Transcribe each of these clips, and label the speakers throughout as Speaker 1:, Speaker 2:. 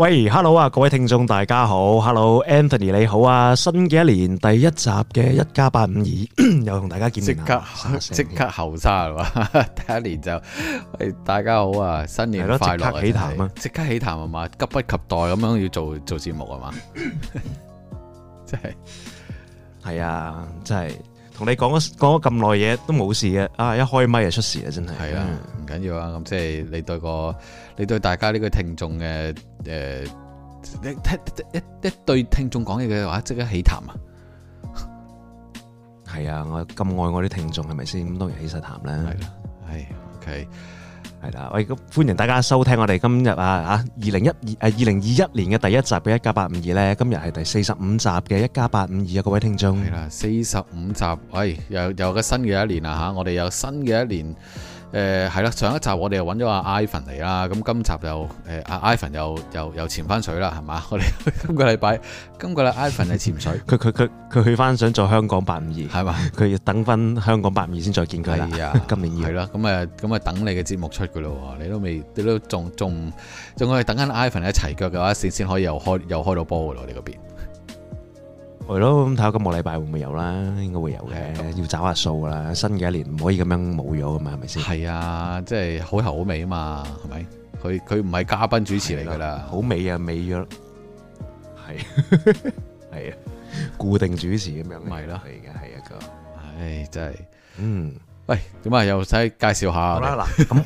Speaker 1: 喂，Hello 啊，各位聽眾大家好，Hello Anthony 你好啊，新嘅一年第一集嘅一加八五二又同大家見面，即刻
Speaker 2: 即刻後生啊， 第一年就喂大家好啊，新年快樂，啊，即刻起談啊，即刻起談啊嘛，啊急不及待咁樣要做做節目啊嘛，即
Speaker 1: 係係啊，即係。你講咗講咗咁耐嘢都冇事嘅，啊一開麥啊
Speaker 2: 出事啊，真係係啦，唔緊要啊，咁即係你對個你對大家呢個聽眾嘅誒，一一,一,一對聽眾講嘢嘅話即刻起痰啊，
Speaker 1: 係啊，我咁愛我啲聽眾係咪先？咁當然起晒痰啦，係啦、啊，係 OK。係啦，喂、哎，歡迎大家收聽我哋今日啊，吓二零一二誒，二零二一年嘅第一集嘅一家八五二呢，今日係第四十五集嘅一家八五二啊，各
Speaker 2: 位聽眾。係啦，四十五集，喂、哎，又有，有個新嘅一年啦，吓、啊，我哋有新嘅一年。誒係啦，上一集我哋又揾咗阿 Ivan 嚟啦，咁今集就、啊、又阿 Ivan 又又又潛翻水啦，係嘛？我哋今個禮拜，今個禮 Ivan 係潛
Speaker 1: 水，佢佢佢
Speaker 2: 佢去翻想做香港八五二，係嘛？佢要等翻香港八五二先再見佢啦，的今年二係咯，咁誒咁誒等你嘅節目出噶咯，你都未，你都仲仲仲可以等返 Ivan 一齊腳嘅話，先先可以又開又開到波噶啦，我哋嗰邊。係咯，咁睇下
Speaker 1: 今個禮拜會唔會有啦？應該會有嘅，要找下數啦。新嘅一年唔可以咁樣冇咗啊嘛，
Speaker 2: 係咪先？係啊，即係好頭好尾啊嘛，係咪？佢佢唔係嘉賓主持嚟噶啦，好美啊美咗，係係啊，固定主
Speaker 1: 持咁樣。咪係咯，佢而家係一個，唉真係，嗯，喂，點啊？又使介紹下。好啦，嗱咁。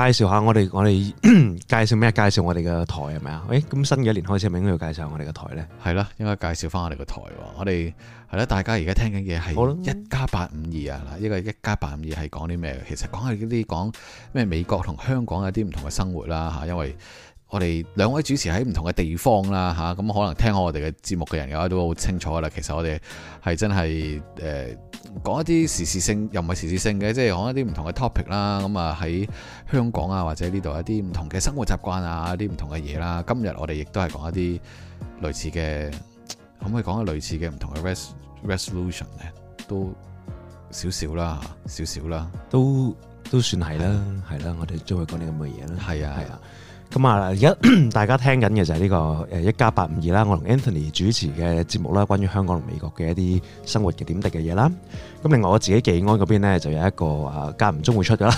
Speaker 1: 介紹下我哋，我哋介紹咩？介紹我哋嘅台係咪啊？誒，咁、欸、新嘅一年開始，係咪應該要介紹我哋嘅台呢？係啦，應該介紹翻我
Speaker 2: 哋個台喎。我哋係啦，大家而家聽緊嘅係一家八五二啊，嗱的，呢個一家八五二係講啲咩？其實講係啲講咩美國同香港有啲唔同嘅生活啦，吓，因為。我哋兩位主持喺唔同嘅地方啦，嚇，咁可能聽我哋嘅節目嘅人嘅話都好清楚啦。其實我哋係真係誒，講一啲時事性又唔係時事性嘅，即係講一啲唔同嘅 topic 啦。咁啊，喺香港啊，或者呢度一啲唔同嘅生活習慣啊，一啲唔同嘅嘢啦。今日我哋亦都係講一啲類似嘅，可唔可以講一類似嘅唔同嘅 res resolution 咧？都少少啦，少少啦，都都算係啦，係啦，我哋都會講啲咁嘅嘢啦。係啊，係啊。
Speaker 1: 咁啊，而家大家聽緊嘅就係呢個誒一家八五二啦，我同 Anthony 主持嘅節目啦，關於香港同美國嘅一啲生活嘅點滴嘅嘢啦。咁另外我自己技安嗰邊咧，就有一個啊間唔中會出噶。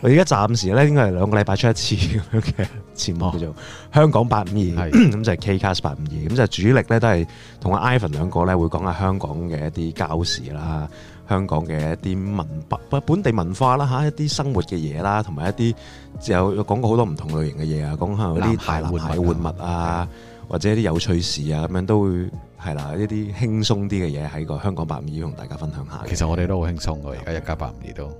Speaker 1: 我而家暫時咧應該係兩個禮拜出一次咁樣嘅節目叫做《香講八五二》是，咁就係 K Cast 八五二，咁就主力咧都係同阿 Ivan 兩個咧會講下香港嘅一啲交事啦。香港嘅一啲文化，本地文化啦吓，一啲生活嘅嘢啦，同埋一啲就有講過好多唔同類型嘅嘢啊，講下嗰啲大活物啊，或者一啲有趣事啊，咁樣都會係啦，一啲輕鬆啲嘅嘢喺個香講852同大家分享一下。其實我哋都好輕鬆嘅，而的家一家852都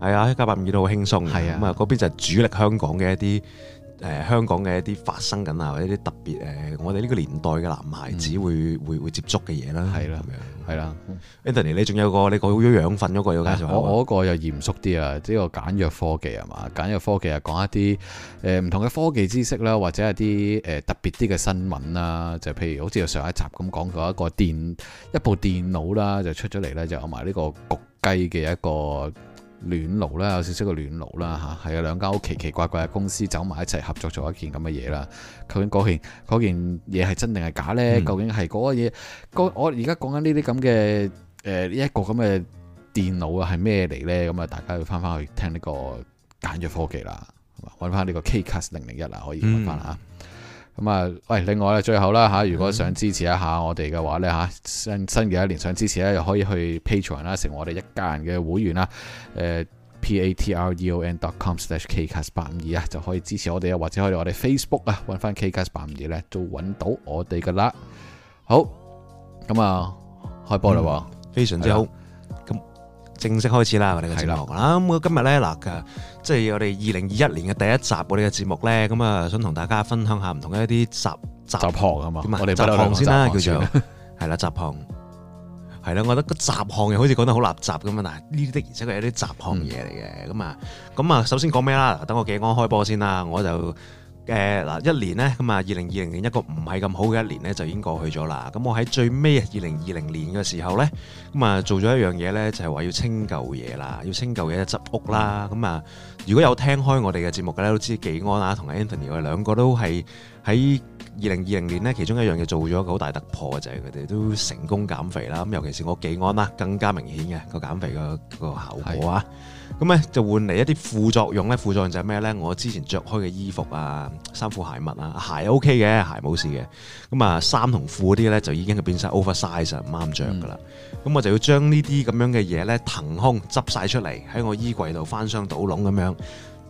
Speaker 1: 係啊， 一家852都好輕鬆啊，咁啊，嗰邊就係主力香港嘅一啲。誒、呃、香港嘅一啲發生緊啊，或者啲特別誒、呃，我哋呢個年代嘅男孩子會、嗯、會會接觸嘅嘢啦，係啦，係啦。Anthony，你仲有一個
Speaker 2: 你講咗養分嗰個要介紹下。我嗰個又嚴肅啲啊，呢、呢個簡約科技係嘛？簡約科技係講一啲誒唔同嘅科技知識啦，或者係啲誒特別啲嘅新聞啦。就譬如好似上一集咁講過一個電一部電腦啦，就出咗嚟咧，就埋呢個焗雞嘅一個。暖爐啦，有少少個暖爐啦吓，係有兩間屋奇奇怪怪嘅公司走埋一齊合作做一件咁嘅嘢啦。究竟嗰件件嘢係真定係假呢？嗯、究竟係嗰個嘢？我而家講緊呢啲咁嘅誒，一、呃一個咁嘅電腦啊係咩嚟呢？咁啊，大家要翻翻去聽呢個簡約科技啦，係嘛？揾翻呢個 KCast 零零一啊，可以揾翻啦。嗯啊咁啊，喂！另外咧，最後啦嚇，如果想支持一下我哋嘅話咧嚇，新新嘅一年想支持咧，又可以去 Patreon 啦，成為我哋一家人嘅會員啦。誒，p a t r e o n dot com slash KCast 八五二啊，就可以支持我哋啊，或者去我哋 Facebook 啊，揾翻 KCast 八五二咧，都揾到我哋噶啦。好，咁啊，開波啦喎！非常之好，咁
Speaker 1: 正式開始啦，我哋嘅節目啦。咁今日咧嗱即係我哋二零二一年嘅第一集我哋嘅節目咧，咁啊想同大家分享下唔同嘅一啲雜、嗯、我雜學啊嘛，雜學先啦叫做，係 啦雜學，係啦，我覺得個雜學又好似講得好垃圾咁啊，但係呢啲的而且確係一啲雜學嘢嚟嘅，咁啊、嗯，咁啊，首先講咩啦？等我技安開波先啦，我就。誒嗱、呃，一年呢，咁啊，二零二零年一個唔係咁好嘅一年呢，就已經過去咗啦。咁我喺最尾二零二零年嘅時候呢，咁啊做咗一樣嘢呢，就係話要清舊嘢啦，要清舊嘢執屋啦。咁啊，如果有聽開我哋嘅節目嘅咧，都知技安啊同 Anthony 我哋兩個都係喺二零二零年呢，其中一樣嘢做咗一個好大突破，就係佢哋都成功減肥啦。咁尤其是我技安啊，更加明顯嘅、個減肥個、個效果啊。咁咧就換嚟一啲副作用咧，副作用就係咩咧？我之前着開嘅衣服啊、衫褲鞋襪啊，鞋 OK 嘅，鞋冇事嘅。咁啊，衫同褲嗰啲咧就已經變晒 oversize，唔啱着噶啦。咁、嗯、我就要將呢啲咁樣嘅嘢咧騰空執晒出嚟，喺我衣櫃度翻箱倒籠咁樣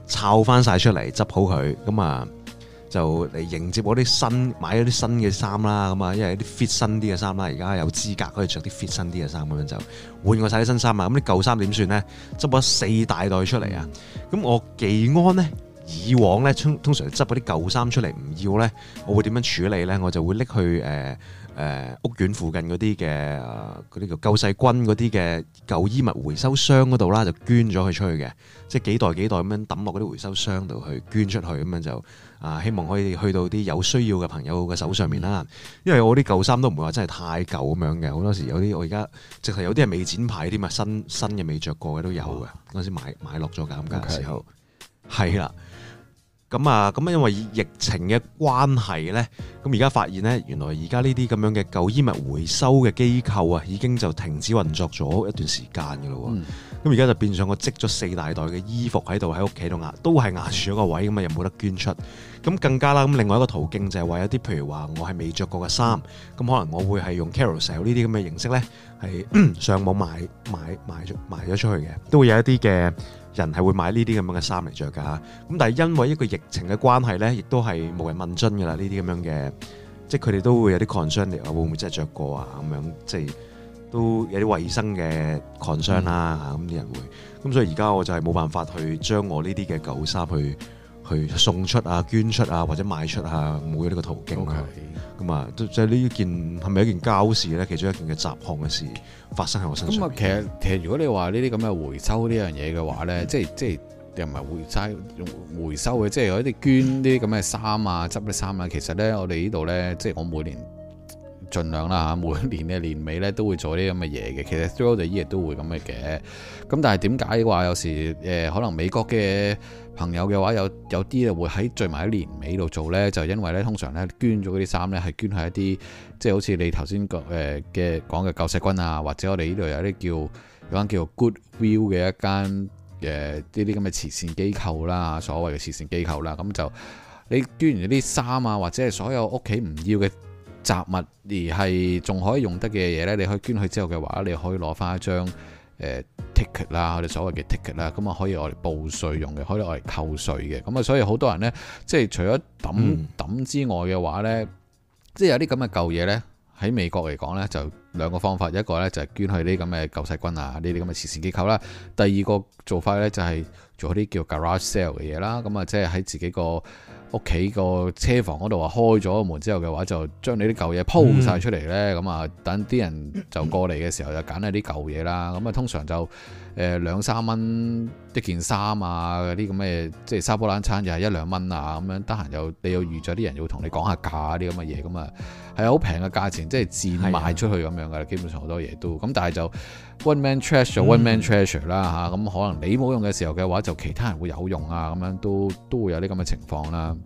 Speaker 1: 摷翻晒出嚟，執好佢。咁啊～就嚟迎接我啲新買咗啲新嘅衫啦，咁啊，因為啲 fit 新啲嘅衫啦，而家有資格可以着啲 fit 新啲嘅衫，咁樣就換過晒啲新衫啊。咁啲舊衫點算呢？執咗四大袋出嚟啊。咁我技安呢？以往呢，通常執嗰啲舊衫出嚟唔要呢，我會點樣處理呢？我就會拎去、呃呃、屋苑附近嗰啲嘅嗰啲叫救世軍嗰啲嘅舊衣物回收箱嗰度啦，就捐咗佢出去嘅，即係幾袋幾袋咁樣抌落嗰啲回收箱度去捐出去咁樣就。啊，希望可以去到啲有需要嘅朋友嘅手上面啦。嗯、因為我啲舊衫都唔會話真係太舊咁樣嘅，好多時有啲我而家直頭有啲係未剪牌啲嘛，新新嘅未着過嘅都有嘅。嗰陣、嗯、時買買落咗減價時候，係啦 Okay.。咁啊，咁因為疫情嘅關係呢，咁而家發現呢，原來而家呢啲咁樣嘅舊衣物回收嘅機構啊，已經就停止運作咗一段時間嘅咯。嗯咁而家就變咗，我積咗四大袋嘅衣服喺度喺屋企度壓，都係壓住咗個位，咁啊又冇得捐出。咁更加啦，咁另外一個途徑就係話一啲譬如話我係未着過嘅衫，咁可能我會係用 Carousel 呢啲咁嘅形式咧，係 上網買買買出賣咗出去嘅，都會有一啲嘅人係會買呢啲咁樣嘅衫嚟着噶嚇。咁但係因為一個疫情嘅關係咧，亦都係無人問津噶啦，呢啲咁樣嘅，即係佢哋都會有啲 concern，你會唔會真係着過啊咁樣，即係。都有啲衞生嘅 concern 啦嚇，咁啲人會，咁所以而家我就係冇辦法去將我呢啲嘅舊衫去去送出啊、捐出啊或者賣出啊，冇咗呢個途徑啊，咁啊 Okay，即係呢件係咪一件膠事咧？其中一件嘅雜項嘅事發生喺我身上。咁啊，其實
Speaker 2: 其實如果你話呢啲咁嘅回收呢樣嘢嘅話咧，即係即係又唔係回收用回收嘅，即係有啲捐啲咁嘅衫啊、執啲衫啊，其實咧我哋呢度咧，即係我每年。儘量啦，每年嘅年尾咧都會做啲咁嘅嘢嘅。其實 through the year 都會咁嘅嘅。咁但係點解話有時誒、呃、可能美國嘅朋友嘅話有有啲啊會喺聚埋喺年尾度做呢？就因為呢，通常咧捐咗嗰啲衫呢，係捐喺一啲即係好似你頭先講誒嘅講嘅救世軍啊，或者我哋呢度有啲叫有一間叫做 Goodwill 嘅一間誒啲啲咁嘅慈善機構啦，所謂嘅慈善機構啦。咁就你捐完啲衫啊，或者係所有屋企唔要嘅。雜物而係仲可以用得嘅嘢呢，你可以捐去之後嘅話，你可以攞翻一張 ticket 啦，我哋所謂嘅 ticket 啦，咁啊可以攞嚟報稅用嘅，可以攞嚟扣稅嘅。咁啊，所以好多人呢，即係除咗抌抌之外嘅話、嗯、呢，即係有啲咁嘅舊嘢呢。喺美國嚟講呢，就兩個方法，一個呢，就係捐去呢啲咁嘅救世軍啊，呢啲咁嘅慈善機構啦，第二個做法呢，就係做啲叫 garage sale 嘅嘢啦，咁啊即係喺自己個。屋企個車房嗰度話開咗門之後嘅話就，就將你啲舊嘢鋪晒出嚟咧。咁啊，等啲人就過嚟嘅時候，就揀下啲舊嘢啦。咁啊，通常就～誒兩三蚊一件衫啊，嗰啲咁嘅，即係沙煲冷餐就係一兩蚊啊，咁樣得閒又你又遇咗啲人，要同你講下價啲咁嘅嘢咁啊，係好平嘅價錢，即係賤賣出去咁樣噶啦，是的 基本上好多嘢都咁，但係就 one man treasure one man treasure 啦嚇，咁可能你冇用嘅時候嘅話，就其他人會有用啊，咁樣都都會有啲咁嘅情況啦。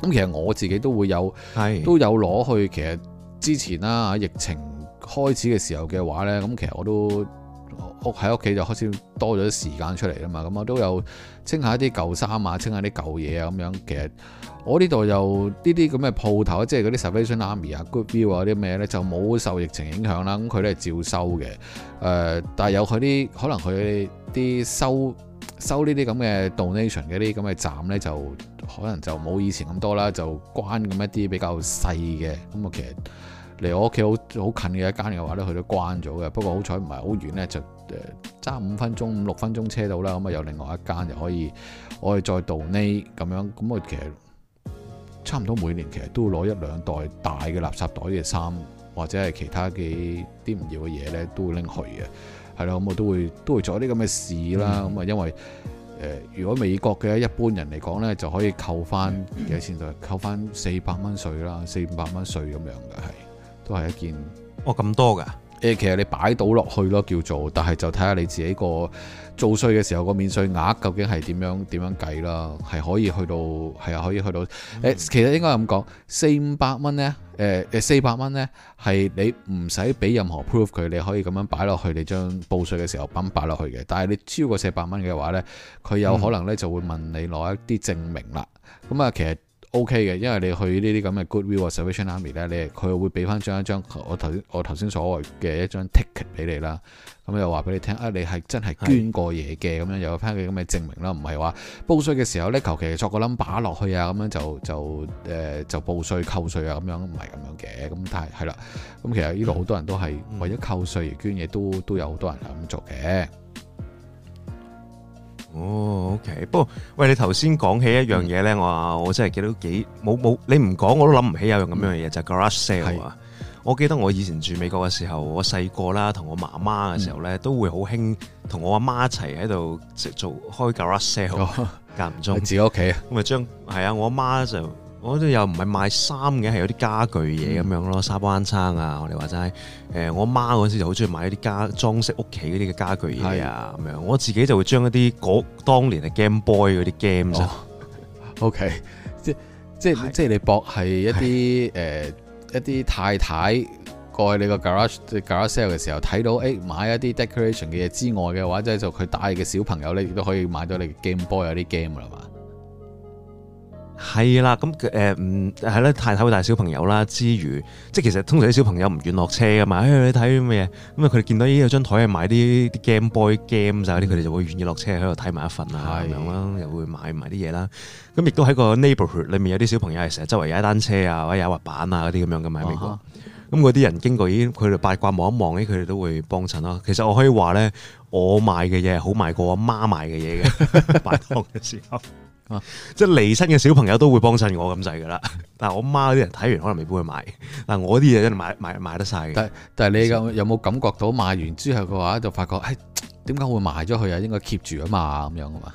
Speaker 2: 咁其實我自己都會有，係是的 都有攞去。其實之前啦、啊，疫情開始嘅時候嘅話咧，咁其實我都。屋喺屋企就開始多咗啲時間出嚟啦嘛，咁我都有清一下啲舊衫啊，清一下啲舊嘢啊咁樣。其實我呢度有呢啲咁嘅鋪頭，即係嗰啲 Salvation Army 啊、Good View 啊啲咩咧，就冇受疫情影響啦。咁佢咧照收嘅、呃。但係有佢啲可能佢啲收收呢啲咁嘅 donation 嘅啲咁嘅站咧，就可能就冇以前咁多啦，就關咁一啲比較細嘅。咁、嗯、啊，其實離我屋企好好近嘅一間嘅話咧，佢都關咗嘅。不過好彩唔係好遠咧，就誒揸五分鐘、五六分鐘車到啦。咁、嗯、啊，有另外一間就可以，我哋再到呢咁樣。咁、嗯、我其實差唔多每年其實都會攞一兩袋大嘅垃圾袋嘅衫，或者係其他嘅啲唔要嘅嘢咧，都會拎去嘅。係啦，咁、嗯、我都會都會做啲咁嘅事啦。咁、嗯、啊，嗯、因為誒、呃、如果美國嘅一般人嚟講咧，就可以扣翻幾多錢就係、嗯、扣翻四百蚊稅啦，四五百蚊稅咁樣嘅係。都係一件，哦咁多噶。誒，其實你擺到落去咯，叫做，但係就睇下你自己個做稅嘅時候個免稅額究竟係點樣點樣計啦，係可以去到，係啊可以去到，誒、嗯欸，其實應該咁講，四五百蚊呢，誒、欸，誒四百蚊呢，係你唔使俾任何 proof 佢，你可以咁樣擺落去，你將報稅嘅時候咁擺落去嘅，但係你超過四百蚊嘅話呢，佢有可能呢就會問你攞一啲證明啦，咁啊、嗯，其實。O K 嘅，因為你去呢啲咁嘅 Goodwill 啊、Salvation Army 咧，你佢會俾翻張一張我頭我頭先所話嘅一張 ticket 俾你啦。咁又話俾你聽，啊你係真係捐過嘢嘅，咁樣有翻佢咁嘅證明啦，唔係話報稅嘅時候咧，求其作個冧把落去啊，咁樣就就誒、呃、就報稅扣稅啊，咁樣唔係咁樣嘅。咁但係係啦，咁其實呢度好多人都係為咗扣稅而捐嘢，都都有好多人係咁做嘅。哦、oh，OK，不過，喂，你頭先講起一
Speaker 1: 樣嘢咧，我話我真係記得幾冇冇，你唔講我都諗唔起有樣咁樣嘅嘢，就係 Garage Sale 啊是！我記得我以前住美國嘅時候，我細個啦同我媽媽嘅時候咧，嗯、都會好興同我阿媽一齊喺度做開 Garage Sale，間唔中喺自己屋企啊，咁咪將係啊，我阿媽就。我都又唔係賣衫嘅，係有啲家具嘢咁樣咯，嗯、沙煲罌罉啊，我哋話齋。誒、呃，我媽嗰陣時就好中意買一啲家裝飾屋企嗰啲嘅家具嘢啊，咁是的 我自己就會將一啲當年嘅 Game Boy 嗰啲 game 咯。哦、
Speaker 2: OK，即即的即係你博係一啲的、呃、一啲太太過去你個 garage garage sale 嘅時候睇到誒、哎、買一啲 decoration 嘅嘢之外嘅話，即係就佢帶嘅小朋友咧，亦都可以買到你嘅 Game Boy 嗰啲 game 嘛。
Speaker 1: 係啦，咁誒嗯，係啦，太太會帶小朋友啦，之餘即係其實通常啲小朋友唔願落車噶嘛，喺度睇咩嘢，咁啊佢哋見到已經有張台係買啲 Game Boy game 嗰啲，佢哋、嗯、就會願意落車喺度睇埋一份啊咁樣啦，又會買埋啲嘢啦。咁亦都喺個 neighborhood 裏面有啲小朋友係成日周圍踩單車啊，或者踩滑板啊嗰啲咁樣嘅咪嚟過。咁嗰啲人經過，咦佢哋八卦望一望咧，佢哋都會幫襯咯。其實我可以話咧，我賣嘅嘢好賣過我媽賣嘅嘢嘅，擺檔嘅 時候。 即係離親嘅小朋友都會幫襯我咁滯噶啦，但係我媽啲人睇完可能未必會買，但我啲
Speaker 2: 嘢真係買買，買得晒。但係你有冇感覺到買完之後嘅話就發覺，誒、哎，點解會賣咗佢？啊？應該 keep 住啊嘛，咁樣噶嘛。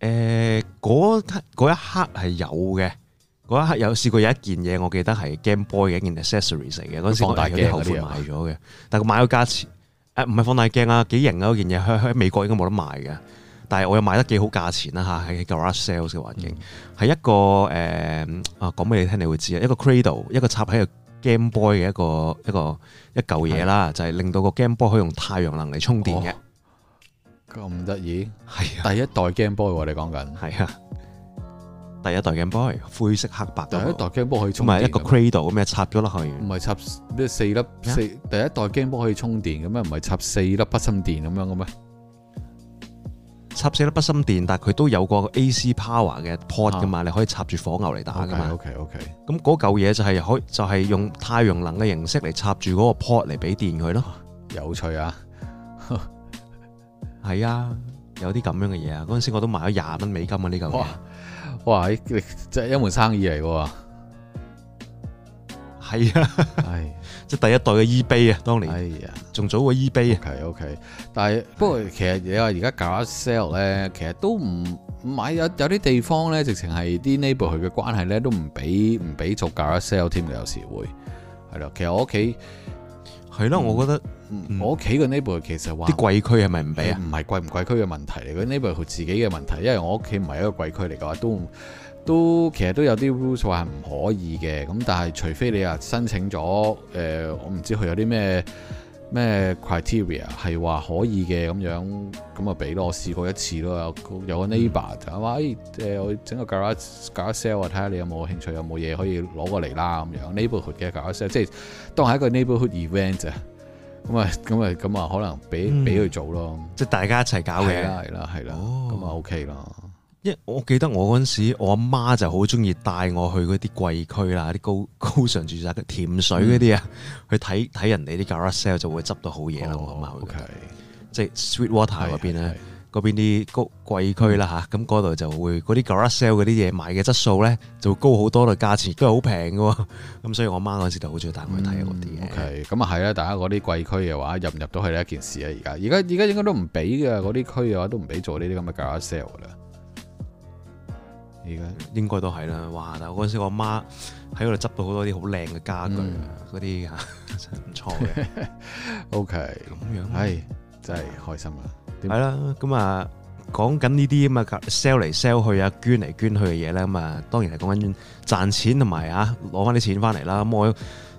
Speaker 1: 誒、欸，嗰一刻係有嘅，嗰一刻有試過有一件嘢，我記得係 Game Boy 嘅一件 accessories 嚟嘅，嗰陣時我啲後悔買咗嘅，但佢買咗價錢唔係放大鏡啊，幾型啊嗰件嘢，喺喺美國應該冇得賣嘅。但係我又買得幾好價錢啦嚇，喺 Garage Sales 嘅環境，係、嗯、一個誒、呃、啊講俾你聽，你會知啊，一個 Cradle，一個插喺個 Game Boy 嘅一個一個一嚿嘢啦，是啊、就係令到個 Game Boy 可以用太陽能嚟充電嘅、哦。咁得意，係是、啊、第一代 Game Boy 我哋講緊，係啊，第一代 Game Boy 灰色黑白，第一代 Game Boy 可以充電，唔係一個
Speaker 2: Cradle 咩，插咗落去，唔係插咩四粒四第一代 Game Boy 可以充電嘅咩？唔係插，插，插四粒筆芯電咁樣嘅咩？插死得不心電，但係佢都有
Speaker 1: 個 AC power 嘅 port 㗎嘛，啊、你可以插住火牛嚟打㗎嘛。OK OK OK。咁嗰嚿嘢就係、是、可就係、是、用太陽能嘅形式嚟插住嗰個 port 嚟俾電佢咯。有趣啊！係 啊，有啲咁樣嘅嘢啊。嗰陣時我都買咗廿蚊美金啊！呢嚿嘢。哇！哇！即係一門生意嚟嘅喎。
Speaker 2: 係啊，哎、呀即係第一代嘅 E 杯啊，當年係啊，仲早過 E 杯啊，係 OK。但係不過其實你話而家搞 sale 咧，其實都唔唔係有有啲地方咧，直情係啲 neighbor 佢嘅關係咧，都唔俾唔俾做搞 sale 添嘅，有時會係咯、啊。其實我屋企係咯，我覺得、嗯、我屋企嘅 neighbor 其實啲貴區係咪唔俾啊？唔係貴唔貴區嘅問題嚟，佢 neighbor 佢自己嘅問題，因為我屋企唔係一個貴區嚟噶，都。都其實都有啲 rules 話係唔可以嘅，咁但係除非你啊申請咗，誒、呃、我唔知佢有啲咩咩 criteria 係話可以嘅咁樣，咁啊俾咯。我試過一次咯，有有個 neighbor 就係話誒，我整個 garage 搞一搞一 sale 睇下你有冇興趣，有冇嘢可以攞過嚟啦咁樣。neighborhood 嘅搞一 sale 即係當係一個 neighborhood event 啊，咁啊咁啊咁啊可能俾俾佢做咯，即係大家一齊搞嘅，啦係啦係啦，咁啊、哦、OK 啦。
Speaker 1: 我記得我嗰陣時，我阿媽就好中意帶我去嗰啲貴區啦，啲高高尚住宅嘅甜水嗰啲啊，嗯、去睇睇人哋啲 garage sale 就會執到好嘢啦。哦、我阿媽去，okay 即係 sweet water 嗰邊咧，嗰邊啲高貴區啦嚇，咁嗰度就會嗰啲 garage sale 嗰啲嘢賣嘅質素咧就會高好多，個價錢都係好平嘅。
Speaker 2: 咁所以我媽嗰陣時就好中意帶我去睇嗰啲嘢。咁啊係啦，大家嗰啲貴區嘅話入唔入到係一件事啊。而家而家而家應該都唔俾嘅，嗰啲區嘅話都唔俾做呢啲咁嘅 garage sale 啦。
Speaker 1: 應該都係啦，哇！嗱，嗰陣時我媽喺嗰度執到好多啲好靚嘅家具啊，嗰啲吓，唔錯嘅。OK，咁樣，
Speaker 2: 係真係開心啦。
Speaker 1: 係啦哇，咁啊樣，講緊呢啲咁嘅 sell 嚟 sell 去啊，捐嚟捐去嘅嘢啦，咁啊，當然係講緊賺錢同埋啊，攞翻啲錢翻嚟啦。咁我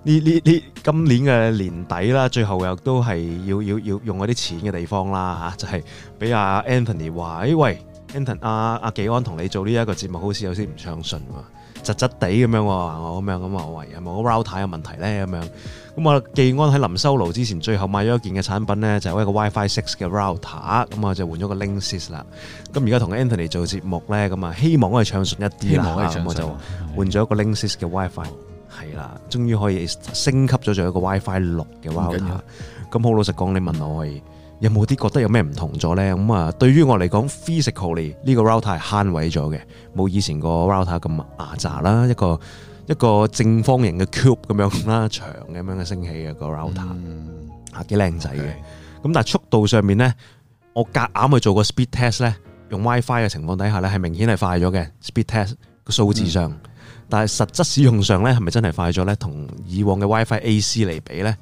Speaker 1: 呢呢呢今年嘅年底啦，最後又都係要要要用嗰啲錢嘅地方啦，吓就係、是、俾阿 Anthony 話、欸：，喂。Anthony 阿、啊、阿技、啊、安同你做呢一個節目好像不唱，好似有啲唔暢順喎，窒窒地咁樣喎，我咁樣，咁、嗯、我話：有冇個 router 有問題咧？咁樣，咁我技安喺臨收樓之前，最後買咗一件嘅產品咧，就係一個 WiFi Six 嘅 router，咁我就換咗個 Linksys 啦。咁而家同 Anthony 做節目咧，咁啊希望可以暢順一啲啦。咁、啊、我就換咗一個 Linksys 嘅 WiFi，係啦，終於可以升級咗做一個 WiFi 六嘅 router。咁好老實講，你問我可以。有冇啲覺得有咩唔同咗呢？咁啊，對於我嚟講，physically 呢個 router 係慳位咗嘅，冇以前個 router 咁牙渣啦，一個一個正方形嘅 cube 咁樣啦，長咁樣嘅升起嘅個 router，啊幾靚仔嘅。咁但係速度上面呢，我夾硬去做個 speed test 呢，用 WiFi 嘅情況底下呢，係明顯係快咗嘅 speed test 個數字上。但係實質使用上呢，係咪真係快咗呢？同以往嘅 WiFi AC 嚟比呢？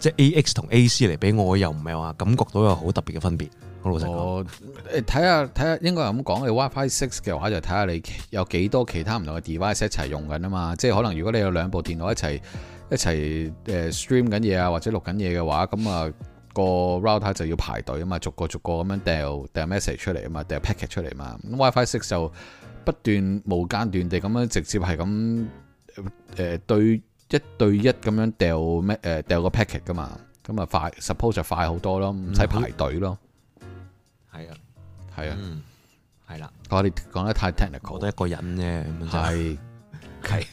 Speaker 1: 即係 AX 同 AC 嚟俾我，我又唔係話感覺到有好特別嘅分別，好老實
Speaker 2: 講。睇下睇下應該係咁講，你 WiFi Six 嘅話就睇下你有幾多其他唔同嘅 device 一齊用緊啊嘛。即係可能如果你有兩部電腦一齊一齊誒、呃、stream 緊嘢啊，或者錄緊嘢嘅話，咁啊、個 router 就要排隊啊嘛，逐個逐個咁樣掉掉 message 出嚟啊嘛，掉 packet 出嚟嘛。WiFi Six 就不斷無間斷地咁樣直接係咁誒對。一對一咁樣掉咩？誒、呃、掉個 packet 噶嘛，咁啊快，suppose 就快好多咯，唔使、嗯、排隊咯。係啊，係啊，係啦、嗯。啊、我哋講得太 technical，都一個人啫。係，係，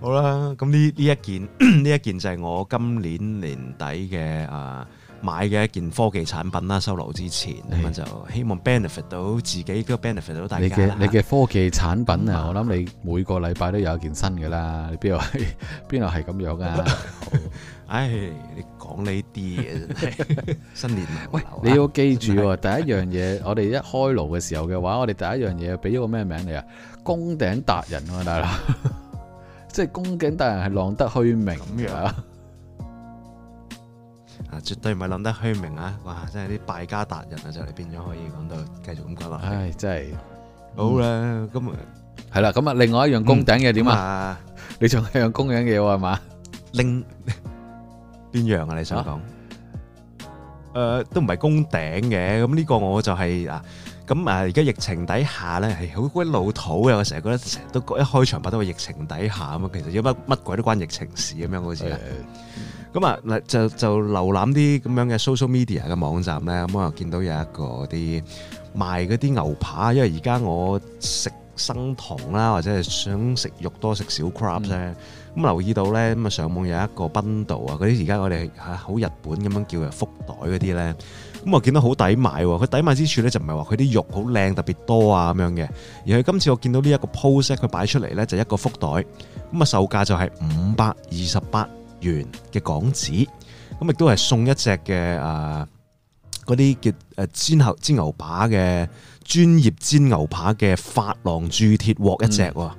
Speaker 2: 好啦。咁呢
Speaker 1: 呢一件呢一件就係我今年年底嘅啊。呃買嘅一件科技產品啦，收爐之前咁的就希望 benefit 到自己，都 benefit 到大家你的。你嘅
Speaker 2: 科技產品啊，嗯、我諗你每個禮拜都有一件新嘅啦。嗯、你邊度係邊度係咁樣啊？ 好唉，你講呢啲嘢真
Speaker 1: 係新
Speaker 2: 年、啊、 喂！你要記住喎，的第一樣嘢，我哋一開爐嘅時候嘅話，我哋第一樣嘢俾咗個咩名你啊？宮頂達人啊，大佬，即係宮頂達人係浪得虛名啊！ 啊，絕對唔係諗得虛名啊！
Speaker 1: 哇，真係啲敗家達人啊，就嚟變咗可以講到繼續咁講落。唉，真係好啦，咁啊
Speaker 2: 係啦，咁啊，另外一樣功頂嘅點啊？你仲係樣功頂嘢喎？係嘛？拎邊樣啊？你想講？誒，
Speaker 1: 都唔係功頂嘅。咁呢個我就係啊，咁啊，而家疫情底下咧係好鬼老土嘅。我成日覺得成日都一開場拍到個疫情底下咁啊，其實有乜乜鬼都關疫情事咁樣好似。咁啊，嗱就就瀏覽啲咁樣嘅 social media 嘅網站咧，咁我見到有一個啲賣嗰啲牛扒，因為而家我食生酮啦，或者係想食肉多食少 carbs 咧、嗯，咁留意到咧，咁啊上網有一個賓道啊，嗰啲而家我哋係好日本咁樣叫嘅福袋嗰啲咧，咁啊見到好抵買喎，佢抵買之處咧就唔係話佢啲肉好靚，特別多啊咁樣嘅，而係今次我見到呢一個 post 佢擺出嚟咧就一個福袋，咁啊售價就係五百二十八。圓嘅港紙，咁亦都係送一隻嘅啊，嗰啲叫誒煎牛煎牛扒嘅專業煎牛扒嘅法郎鑄鐵鑊一隻，嗯、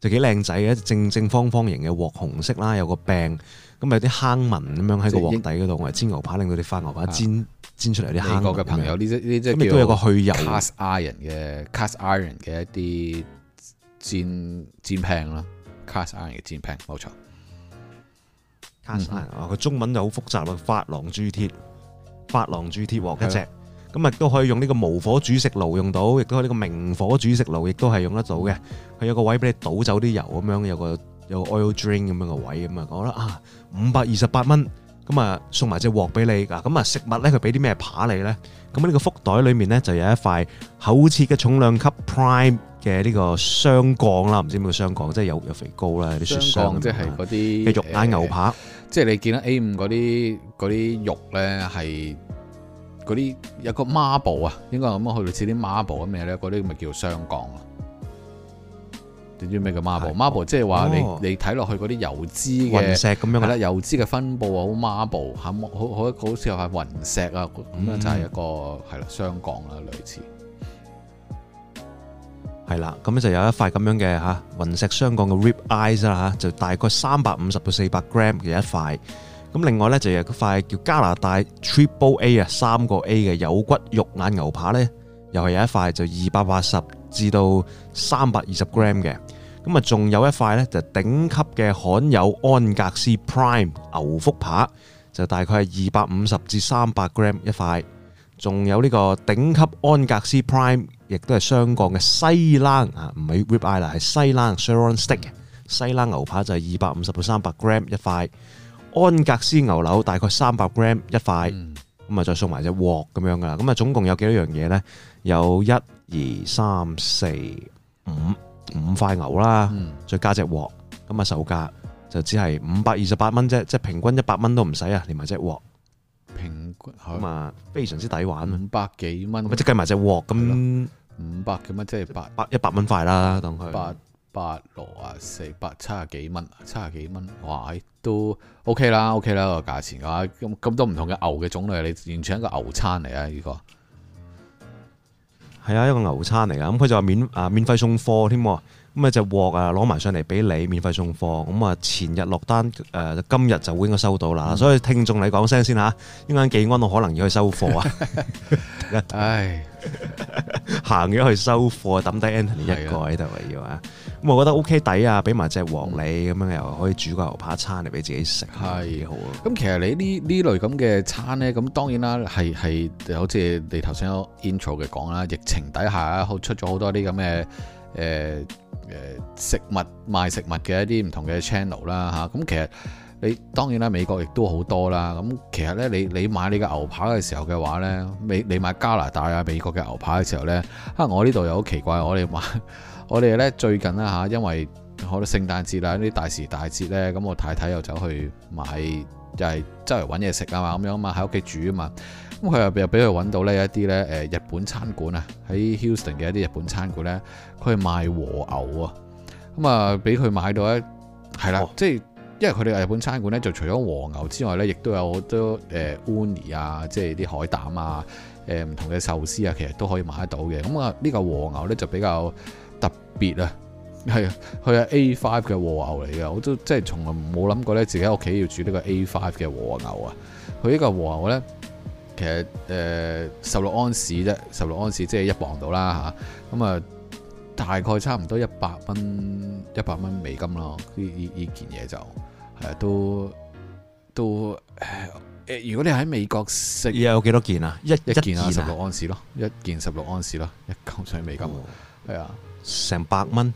Speaker 1: 就幾靚仔嘅，正正方方形嘅鑊，紅色啦，有個柄，咁有啲坑紋咁樣喺個鑊底嗰度，為即煎牛扒令到啲法牛扒煎、啊、煎出嚟啲坑。嘅朋友，呢啲呢啲，咁亦都有個去油 cast
Speaker 2: iron 嘅 cast iron 嘅一啲煎煎盤啦，cast iron 嘅煎盤冇錯。啊！佢中文就好複雜咯，琺瑯鑄鐵，琺瑯
Speaker 1: 鑄鐵鑊一隻，咁啊亦都可以用呢個無火煮食爐用到，亦都呢個明火煮食爐亦都係用得到嘅。佢有個位俾你倒走啲油咁樣，有個有 oil drain 咁樣個位咁啊！我覺得啊，五百二十八蚊，咁啊送埋隻鑊俾你㗎。咁啊食物咧，佢俾啲咩扒你咧？咁呢個福袋裏面咧就有一塊厚切嘅重量級 prime 嘅呢個雙鋼啦，唔知咩雙鋼，即係有有肥膏啦，有啲雪霜咁樣。雙鋼即
Speaker 2: 係嗰啲。繼續嗌牛扒。即係你見到 A 五嗰啲啲肉咧，係嗰啲有個 marble 啊，應該咁去到似啲 marble 咁嘅咧，嗰啲咪叫雙鋼啊？點知咩叫 marble？marble 即係話你、哦、你睇落去嗰啲油脂嘅、哦、雲石咁樣啦，油脂嘅分布啊，好 marble 嚇，好好好似又係雲石啊，咁樣就係一個係咯雙鋼啦，類似。
Speaker 1: 係啦，咁咧就有一塊咁樣嘅嚇，雲石相港嘅 rib eyes 啦吓，就大概三百五十到四百 gram 嘅一塊。咁另外呢，就有一塊叫加拿大 triple A 啊，三個 A 嘅有骨肉眼牛扒呢，又係有一塊就二百八十至到三百二十 gram 嘅。咁啊，仲有一塊呢，就頂級嘅罕有安格斯 prime 牛腹扒，就大概係二百五十至三百 gram 一塊。仲有呢個頂級安格斯 prime。亦都係香港嘅西冷啊，唔係 rib eye 啦，嗯，係西冷 sirloin steak 西冷牛扒就係二百五十到三百 gram 一塊，安格斯牛柳大概三百 gram 一塊，咁啊、嗯、再送埋隻鑊咁樣噶啦，咁啊總共有幾多樣嘢咧？有一二三四五五塊牛啦，嗯、再加隻鑊，咁啊售價就只係五百二十八蚊啫，即係平均一百蚊都唔使啊，連埋隻鑊，
Speaker 2: 平均咁啊非常之抵玩，五百幾蚊，即計埋隻鑊咁。五百幾蚊，500, 即係百百一百蚊塊啦，當佢八八六啊四百七啊幾蚊，七啊幾蚊，哇！都 OK 啦，OK 啦、這個價錢嘅話，咁咁多唔同嘅牛嘅種類，你、這個、完全係一個牛餐嚟啊！呢個
Speaker 1: 係啊，一個牛餐嚟啊，咁佢就話免啊免費送貨添喎。咁啊隻鑊啊攞埋上嚟俾你免費送貨，咁啊前日落單，誒、呃、今日就會應該收到啦。嗯、所以聽眾你講聲先嚇，呢間技安我可能要去收貨啊！ 唉，行咗去收貨，抌低 Anthony 一個喺度啊要啊！咁是的 我覺得 OK 抵啊，俾埋隻鑊你隻，咁、嗯、樣又可以煮個牛扒
Speaker 2: 餐嚟俾自己食。係的好啊！咁其實你呢呢類咁嘅餐咧，咁、嗯、當然啦，係係好似你頭先 intro 嘅講啦，疫情底下出咗好多啲咁嘅誒。呃誒食物賣食物嘅一啲唔同嘅 channel 啦嚇，咁、啊、其實你當然啦，美國亦都好多啦。咁、啊、其實咧，你你買你嘅牛扒嘅時候嘅話咧，美你，你買加拿大啊美國嘅牛扒嘅時候咧，啊我呢度又好奇怪，我哋買我哋咧最近啦嚇、啊，因為好多聖誕節啦呢啲大時大節咧，咁我太太又走去買，又係周圍揾嘢食啊嘛，咁樣啊嘛，喺屋企煮啊嘛。咁佢又又俾佢揾到呢一啲咧誒日本餐館啊，喺 Houston 嘅一啲日本餐館咧，佢賣和牛啊，咁啊俾佢買到一係啦，即係、哦、因為佢哋日本餐館咧就除咗和牛之外咧，亦都有好多誒 uni 啊，即係啲海膽啊，誒、啊、唔同嘅壽司啊，其實都可以買得到嘅。咁啊呢嚿和牛咧就比較特別啊，係啊，佢係 A5 嘅和牛嚟嘅，我都即係從來冇諗過咧自己屋企要煮呢個 A5 嘅和牛啊，佢呢嚿和牛咧。其實誒十六安士啫，十六安士即係一磅到啦嚇，咁啊、嗯嗯、大概差唔多一百蚊一百蚊美金咯，呢呢呢件嘢就係、啊、都都誒，如果你喺美國食，而家有幾多件啊？一一件啊，十六安士咯，一件十六安士咯，一舊水美金喎，係、嗯、啊，
Speaker 1: 成百蚊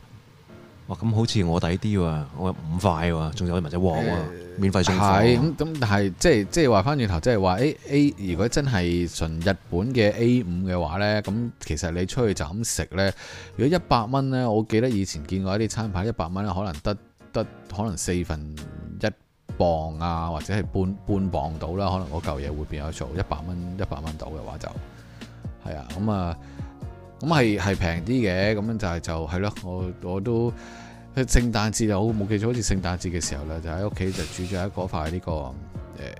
Speaker 1: 哇！咁好似我抵啲喎，我有五塊喎，仲有啲乜嘢鑊喎？
Speaker 2: 免係咁咁，但係即係即係話翻轉頭，即係話 A A 如果真係純日本嘅 A 五嘅話呢，咁其實你出去就咁食呢，如果一百蚊呢，我記得以前見過一啲餐牌，一百蚊呢可能得得可能四分一磅啊，或者係半半磅到啦，可能嗰嚿嘢會變咗做一百蚊一百蚊到嘅話就係啊，咁、就係、啊，咁係係平啲嘅，咁樣就係就係咯，我我都。聖誕節就好，我冇記錯，好似聖誕節嘅時候咧，就喺屋企就煮咗一嗰塊呢個誒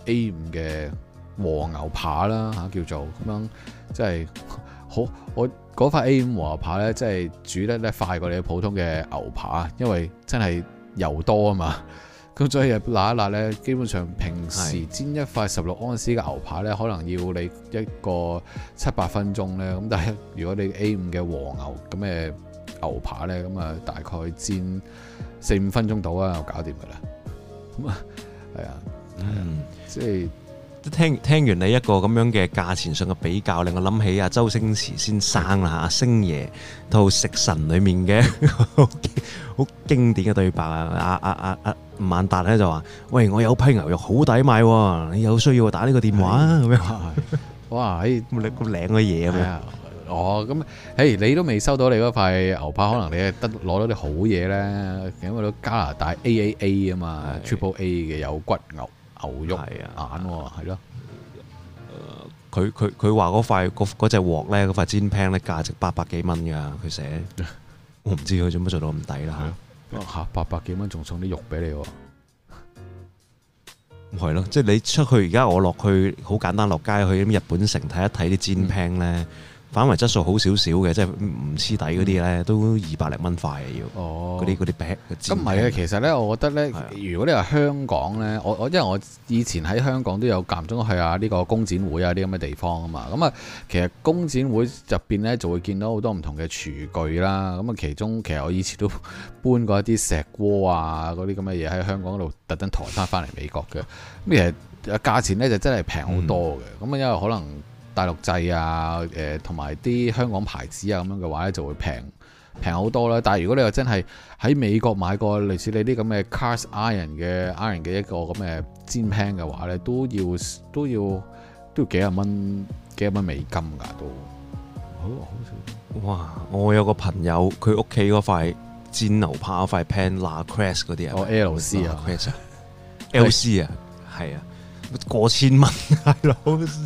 Speaker 2: A 五嘅和牛扒啦嚇，叫做咁樣，即係好我嗰塊 A 五和牛扒咧，即係煮得咧快過你普通嘅牛扒，因為真係油多啊嘛。咁所以攋一攋咧，基本上平時煎一塊十六安士嘅牛扒咧，是的 可能要你一個七八分鐘咧。咁但係如果你 A 五嘅和牛咁誒。牛扒咧咁啊，大概煎四五分鐘到啊，我搞掂噶啦。咁啊、嗯，係啊、嗯，係
Speaker 1: 即係都聽完你一個咁樣嘅價錢上嘅比較，令我諗起阿周星馳先生啦，阿星爺套《食神裡面的》裏面嘅好經典嘅對白啊！阿阿阿阿孟達咧就話：，喂，我有批牛肉好抵買，你有需要打呢個電話咁、啊、
Speaker 2: 樣的哇，誒的，咁靚嘅嘢咁啊！哦，咁，誒，你都未收到你嗰塊牛扒，是的 可能你係得攞到啲好嘢咧，因為到加拿大、AA、A A A 啊嘛，Triple A 嘅有骨牛牛肉的、啊、眼喎、哦，係咯、啊。佢佢
Speaker 1: 佢話嗰塊嗰隻鑊咧，嗰塊，塊煎 pan 咧，價值八百幾蚊㗎，佢寫。 我唔知佢做乜做到咁抵啦，嚇的的、啊、八百幾蚊仲送啲肉俾你喎、啊。咁係咯，即係你出去而家我落去，好簡單落街去啲日本城睇一睇啲煎 pan 咧。嗯反為質素好少少嘅，即係唔黐底嗰啲咧，都二百零蚊塊要。哦。嗰啲嗰啲餅唔係啊，其
Speaker 2: 實咧，我覺得咧，如果你話香港咧，我我是的 因為我以前喺香港都有間中去下呢個工展會啊啲咁嘅地方啊嘛。咁啊，其實工展會入邊咧就會見到好多唔同嘅廚具啦。咁啊，其中其實我以前都搬過一啲石鍋啊嗰啲咁嘅嘢喺香港度特登抬翻翻嚟美國嘅。咁其實價錢咧就真係平好多嘅。咁啊，因為可能。大陸製啊，誒同埋啲香港牌子啊，咁樣嘅話咧就會平平好多啦。但係如果你又真係喺美國買個類似你啲咁嘅 Cast Iron 嘅 Iron 嘅一個咁嘅煎 pan 嘅話咧，都要都要都要幾廿蚊幾廿蚊美金㗎都。好，
Speaker 1: 哇！我有個朋友佢屋企嗰塊煎牛扒嗰塊 pan Le Creuset 嗰啲啊，哦、啊、LC 啊 Le Creuset，LC 啊，係是啊，過千蚊大佬。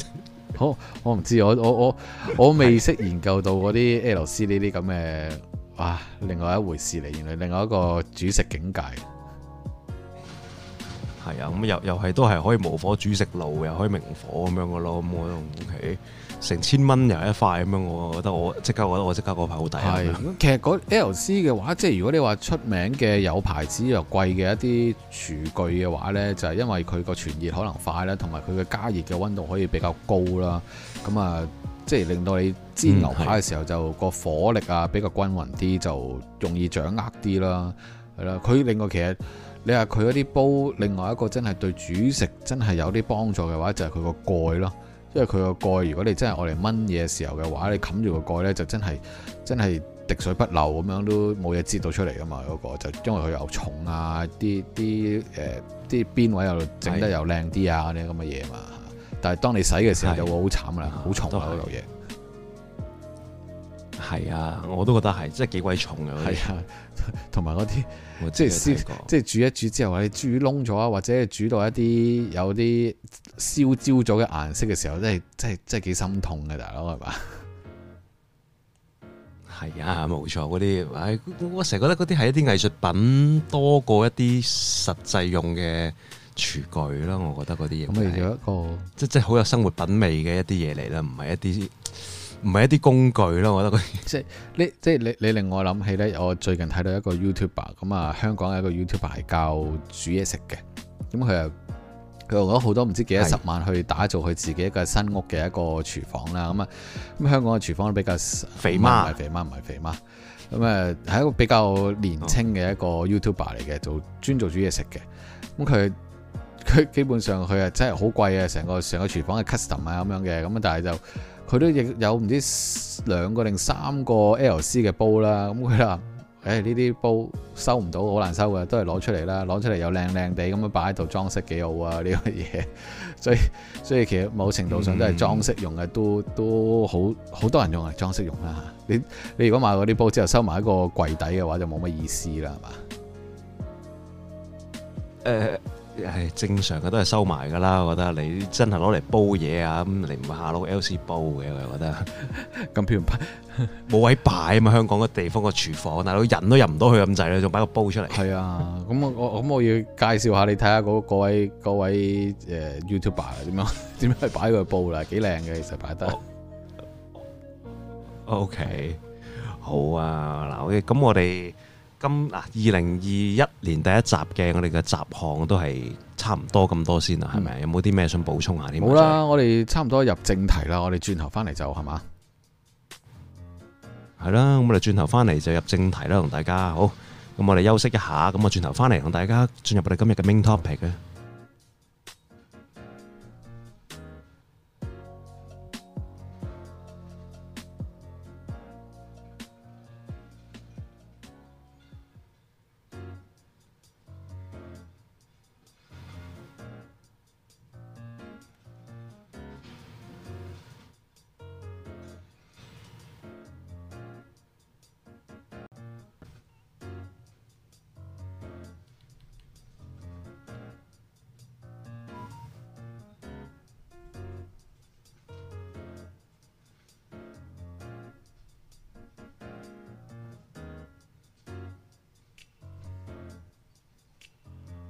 Speaker 2: 好、哦，我唔知，我我我我未識研究到嗰啲 L C 呢啲咁嘅。 哇，另外一回事嚟，原來另外一個煮食境界。
Speaker 1: 係啊，咁又又係都係可以無火煮食爐，又可以明火咁樣嘅咯，咁我都 OK。
Speaker 2: 成千蚊又一塊咁樣，我覺得我即刻覺得我即刻個塊好抵。係，其實嗰 L.C. 嘅話，即係如果你話出名嘅有牌子又貴嘅一啲廚具嘅話呢就係、是、因為佢個傳熱可能快啦，同埋佢嘅加熱嘅溫度可以比較高啦。咁啊，即係令到你煎牛扒嘅時候就個火力啊比較均勻啲，就容易掌握啲啦。係啦，佢另外其實你話佢嗰啲煲，另外一個真係對煮食真係有啲幫助嘅話，就係佢個蓋咯。因為佢個蓋，如果你真係我哋燜嘢嘅時候嘅話，你冚住個蓋咧，就真係真係滴水不漏咁樣，都冇嘢接到出嚟啊嘛！嗰、嗰個就因為佢又重啊，啲啲誒，啲邊位又整得又靚啲啊，啲咁嘅嘢嘛。但係當你洗嘅時候，就會好慘啦，好的重啊！嗰嚿嘢。係啊，我都覺得係，真係幾鬼重嘅嗰啲。的同埋嗰啲即係即係煮一煮之後，你煮燶咗啊，或者煮到一啲有啲燒焦咗嘅顏色嘅時候，真係真係真係幾心痛嘅，大佬係嘛？係啊，冇錯嗰啲，我
Speaker 1: 成日覺得嗰啲係一啲藝術品多過一啲實際用嘅廚具咯，我覺得嗰啲嘢。咁係一個即係即係好有生活品味嘅一啲嘢嚟啦，
Speaker 2: 唔係一啲。唔係一啲工具咯，我覺得佢，即係你，即係你，你令我諗起咧。我最近睇到一個 YouTuber 咁啊，香港嘅一個 YouTuber 係教煮嘢食嘅。咁佢又佢用咗好多唔知幾多十萬去打造佢自己一個新屋嘅一個廚房啦。咁啊是，咁香港嘅廚房都比較肥媽，唔係肥媽，唔係肥媽。咁啊，係一個比較年輕嘅一個 YouTuber 嚟嘅，嗯、做專做煮嘢食嘅。咁佢佢基本上佢啊，真係好貴啊，成個成個廚房嘅 custom 啊咁樣嘅。咁啊但係就。佢都亦有唔知兩個定三個 LC 嘅煲啦，咁佢話，誒呢啲煲收唔到，好難收嘅，都係攞出嚟啦，攞出嚟又靚靚地咁樣擺喺度裝飾幾好啊！呢個嘢，所以所以其實某程度上都係裝飾用嘅、嗯嗯，都都好好多人用啊，裝飾用啦嚇。你你如果買嗰啲煲之後收埋喺個櫃底嘅話，就冇乜意思啦，係嘛？誒。
Speaker 1: 呃係正常嘅都係收埋噶啦，我覺得你真係攞嚟煲嘢啊，咁你唔下樓 L C 煲嘅，我覺得咁譬如冇位擺啊嘛，香港個地方個廚房大佬人都入唔到去咁滯啦，仲擺個煲出嚟。係啊，
Speaker 2: 咁、嗯、我我咁、嗯、我要介紹下你睇下嗰個位嗰位誒 YouTuber 點樣點樣去擺個煲啦，幾靚嘅其實擺得。Oh, OK，好啊，嗱，OK 咁我哋。今，嗱，二
Speaker 1: 零二一年第一集嘅我哋嘅集項都係差唔多咁多先啦，係咪？嗯，有冇啲咩想補充下？冇啦，
Speaker 2: 我哋差唔多入正題啦，我哋轉頭翻嚟就係嘛，
Speaker 1: 係啦，咁我哋轉頭翻嚟就入正題啦，同大家好，咁我哋休息一下，咁我轉頭翻嚟同大家進入我哋今日嘅 main topic 嘅。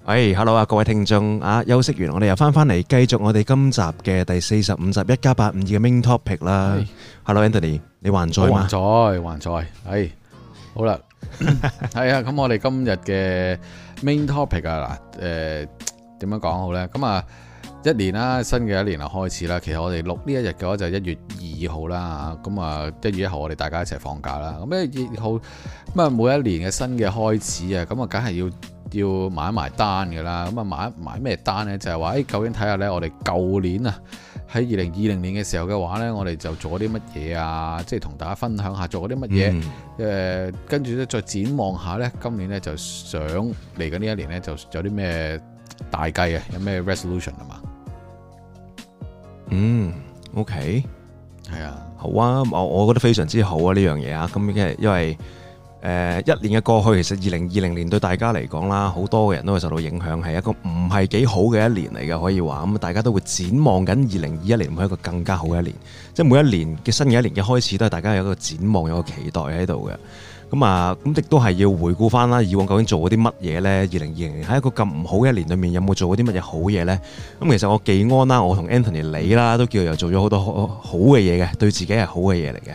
Speaker 1: 喂，hello 啊，各位聽眾，啊休息完，我哋又翻翻嚟，繼續我哋今集嘅第四十五集一家八五二嘅 main topic 啦。係，hello Anthony，你還在嗎？還
Speaker 2: 在，還在。係，好啦，係啊，咁我哋今日嘅 main topic 啊，嗱，誒，點樣講好咧？咁啊，一年啦，新嘅一年啊開始啦。其實我哋錄呢一日嘅話就一月二號啦，吓，咁啊一月一號我哋大家一齊放假啦。咁一月二號咁啊每一年嘅新嘅開始啊，咁啊梗係要。要買埋單嘅啦，咁啊買一買咩單咧？就係話誒，究竟睇下咧，我哋舊年啊，喺二零二零年嘅時候嘅話咧，我哋就做啲乜嘢啊？即係同大家分享下做啲乜嘢。誒、嗯呃，跟住咧再展望下咧，今年咧就想嚟緊呢一年咧，就有啲咩大計啊？有咩 resolution、嗯
Speaker 1: okay? 係啊嘛？嗯，OK，係啊，好啊，我我覺得非常之好啊呢樣嘢啊，咁嘅因為。誒、呃、一年嘅過去，其實二零二零年對大家嚟講啦，好多嘅人都會受到影響，係一個唔係幾好嘅一年嚟嘅，可以話。咁大家都會展望緊二零二一年會係一個更加好嘅一年。即係每一年嘅新嘅一年嘅開始，都係大家有一個展望，有個期待喺度嘅。咁、嗯、啊，咁亦都係要回顧翻啦，以往究竟做過啲乜嘢呢？二零二零年喺一個咁唔好嘅一年裡面，有冇做過啲乜嘢好嘢呢？咁、嗯、其實我技安啦，我同 Anthony 李啦，都叫做又做咗好多好嘅嘢嘅，對自己係好嘅嘢嚟嘅。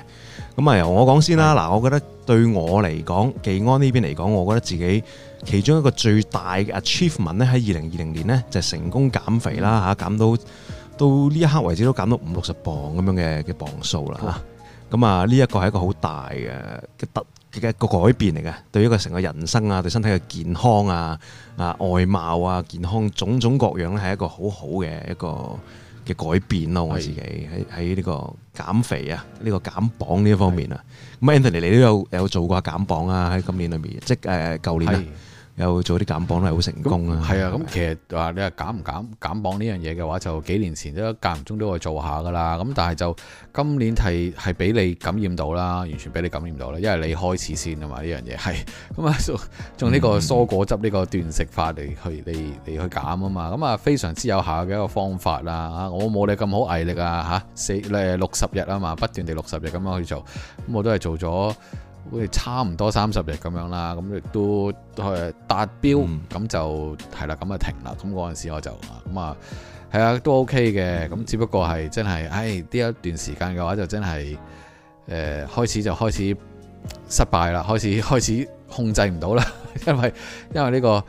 Speaker 1: 咁啊，由我講先啦。嗱，我覺得對我嚟講，技安呢邊嚟講，我覺得自己其中一個最大嘅 achievement 咧，喺二零二零年呢，就成功減肥啦吓，減到到呢一刻為止都減到五六十磅咁樣嘅嘅磅數啦吓。咁好啊，呢一個係一個好大嘅嘅特嘅一個改變嚟嘅，對於一個成個人生啊，對身體嘅健康啊啊外貌啊，健康種種各樣咧，係一個好好嘅一個嘅改變咯，我自己喺喺呢個減肥啊，呢個減磅呢一方面啊是的，咁 Anthony 你都有有做過減磅啊，喺
Speaker 2: 今年裏面，即係誒舊年啊。又做啲減磅都係好成功、嗯、啊！係啊吧，咁其實你減減話你係減唔減減磅呢樣嘢嘅話，就幾年前都間唔中都會做下噶啦。咁但係就今年係係俾你感染到啦，完全俾你感染到啦，因為你開始先啊嘛呢樣嘢係咁啊，用呢個蔬果汁呢個斷食法嚟去嚟去減啊嘛。咁啊，非常之有效嘅一個方法啦嚇。我冇你咁好毅力啊嚇，四誒六十日啊嘛，不斷地六十日咁樣去做，咁我都係做咗。好似差唔多三十日咁樣啦，咁亦都都係達標，咁就係啦，咁啊停啦。咁嗰陣時我就，咁啊係啊，都 OK 嘅。咁、嗯、只不過係真係，唉，呢一段時間嘅話就真係，誒、呃，開始就開始失敗啦，開始開始控制唔到啦，因為因為呢、這個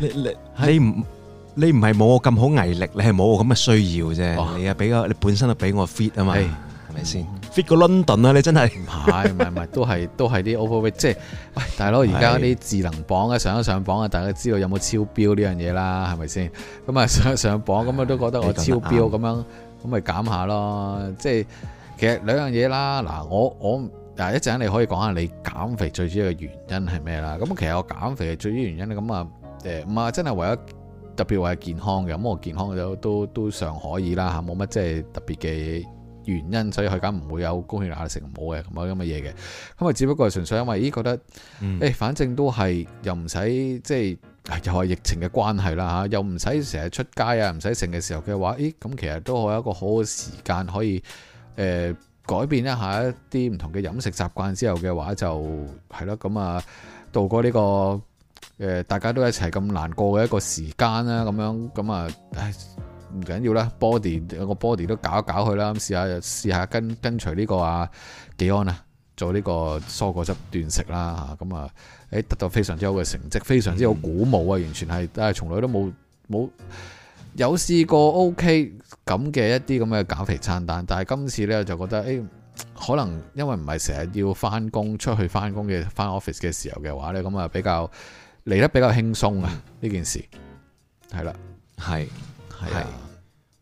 Speaker 2: 你你是你唔你
Speaker 1: 唔係冇我咁好毅力，你係冇我咁嘅需要啫。哦、你啊比較，你本身都比我 fit 啊嘛。
Speaker 2: 咪先 fit 個 London 啊！你真係唔係唔係唔係都係都係啲 overweight，即係、 就是哎、大佬而家啲智能磅啊上一上磅啊，大家知道有冇超標呢樣嘢啦，係咪先？咁啊上一上磅，咁啊、哎、呀都覺得我超標咁樣，咁咪減下咯。即係其實兩樣嘢啦。嗱，我我嗱一陣你可以講下你減肥最主要嘅原因係咩啦？咁其實我減肥嘅最主要原因咧，咁啊誒唔啊真係為咗特別為健康嘅咁，我健康就都都都尚可以啦嚇，冇乜即係特別嘅嘢。原因，所以佢梗唔會有高血壓食唔好嘅咁樣嘅嘢嘅。咁啊，只不過純粹因為咦覺得，誒、嗯欸，反正都係又唔使即係，又係疫情嘅關係啦嚇、啊，又唔使成日出街啊，唔使剩嘅時候嘅話，咦咁其實都可以一個好嘅時間，可以誒、呃、改變一下一啲唔同嘅飲食習慣之後嘅話就，就係咯，咁啊度過呢、這個誒、呃、大家都一齊咁難過嘅一個時間啦、啊，咁樣咁啊誒。唉。唔緊要啦，body 有個 body 都搞一搞佢啦，試下試下跟跟隨呢個啊技安啊，做呢個蔬果汁斷食啦，咁啊，誒，得到非常之好嘅成績，非常之好鼓舞啊，完全係都係從來都冇冇有試過 OK 咁嘅一啲咁嘅減肥餐單，但係今次咧就覺得誒、欸，可能因為唔係成日要翻工出去翻工嘅翻 office 嘅時候嘅話呢，咁啊比較嚟得比較輕鬆啊呢件事係啦，
Speaker 1: 係係。